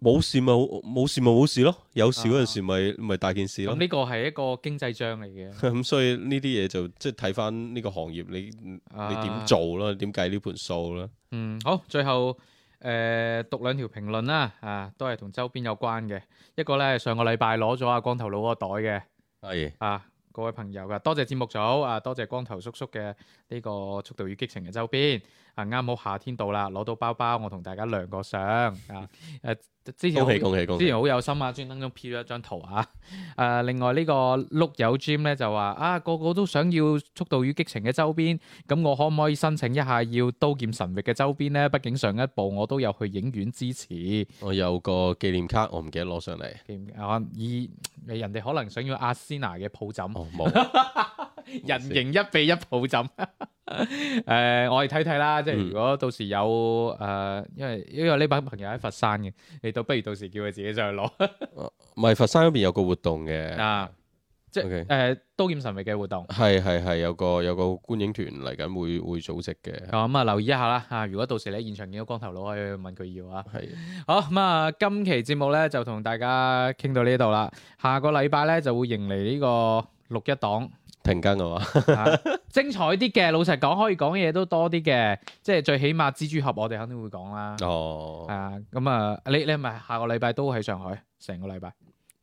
冇、呃、事咪冇事咪冇事咯，有事嗰陣時咪咪、就是啊、大件事咯。咁呢個係一個經濟賬嚟嘅。咁、嗯、所以呢啲嘢就即係睇翻呢個行業你你點做啦？點計呢盤數啦？嗯，好，最後誒、呃、讀兩條評論啦，啊都係同周邊有關嘅。一個咧上個禮拜攞咗阿光頭佬嗰個袋嘅，係的啊。各位朋友噶，多謝節目組啊，多謝光頭叔叔嘅呢個《速度與激情》嘅周邊。啱好夏天到啦，攞到包包，我同大家亮個相啊！誒 之前好有心啊，專登咁 P 咗一張圖啊！誒另外、這個、呢個碌友 Gem 咧就話啊個個都想要《速度與激情》嘅周邊，咁我可唔可以申請一下要《刀劍神域》嘅周邊呢？畢竟上一部我都有去影院支持，我有個紀念卡，我唔記得攞上嚟。紀念卡而人哋可能想要阿斯娜嘅抱枕。哦 人形一比一抱枕， 誒、呃，我哋睇睇啦。即係如果到時有誒、呃，因為因為呢班朋友喺佛山嘅，你都不如到時叫佢自己上去攞 、啊。唔係佛山嗰邊有個活動嘅啊，即係誒 Okay.、呃、刀劍神域嘅活動，係係係有個有個觀影團嚟緊會會組織嘅。咁啊、嗯，留意一下啦吓、啊。如果到時咧現場見到光頭佬，可以問佢要啊。係的好咁、嗯、啊，今期節目咧就同大家傾到呢度啦。下個禮拜咧就會迎嚟呢個六一檔。停更、呃、精彩啲嘅， 老實講可以講嘅嘢都多啲嘅，即係最起碼蜘蛛俠我哋肯定會講啦。哦，係啊，咁、嗯、啊、呃，你你係咪下個禮拜都會喺上海成個禮拜？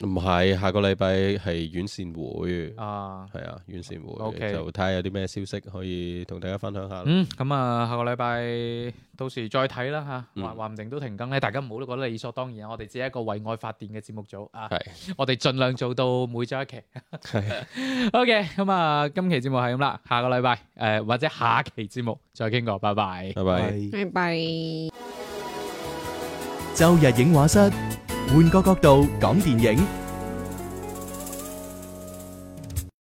唔係，下個禮拜係院線會啊，係啊，院線會，就睇下有啲咩消息可以同大家分享下。嗯，咁啊，下個禮拜到時再睇啦吓，話話唔定都停更咧。大家唔好都覺得理所當然，我哋只係一個為愛發電嘅節目組啊。係，我哋盡量做到每周一期。係，OK，咁啊，今期節目係咁啦，下個禮拜誒，或者下期節目再傾過，拜拜，拜拜，拜拜。周日影畫室。換個角度講電影。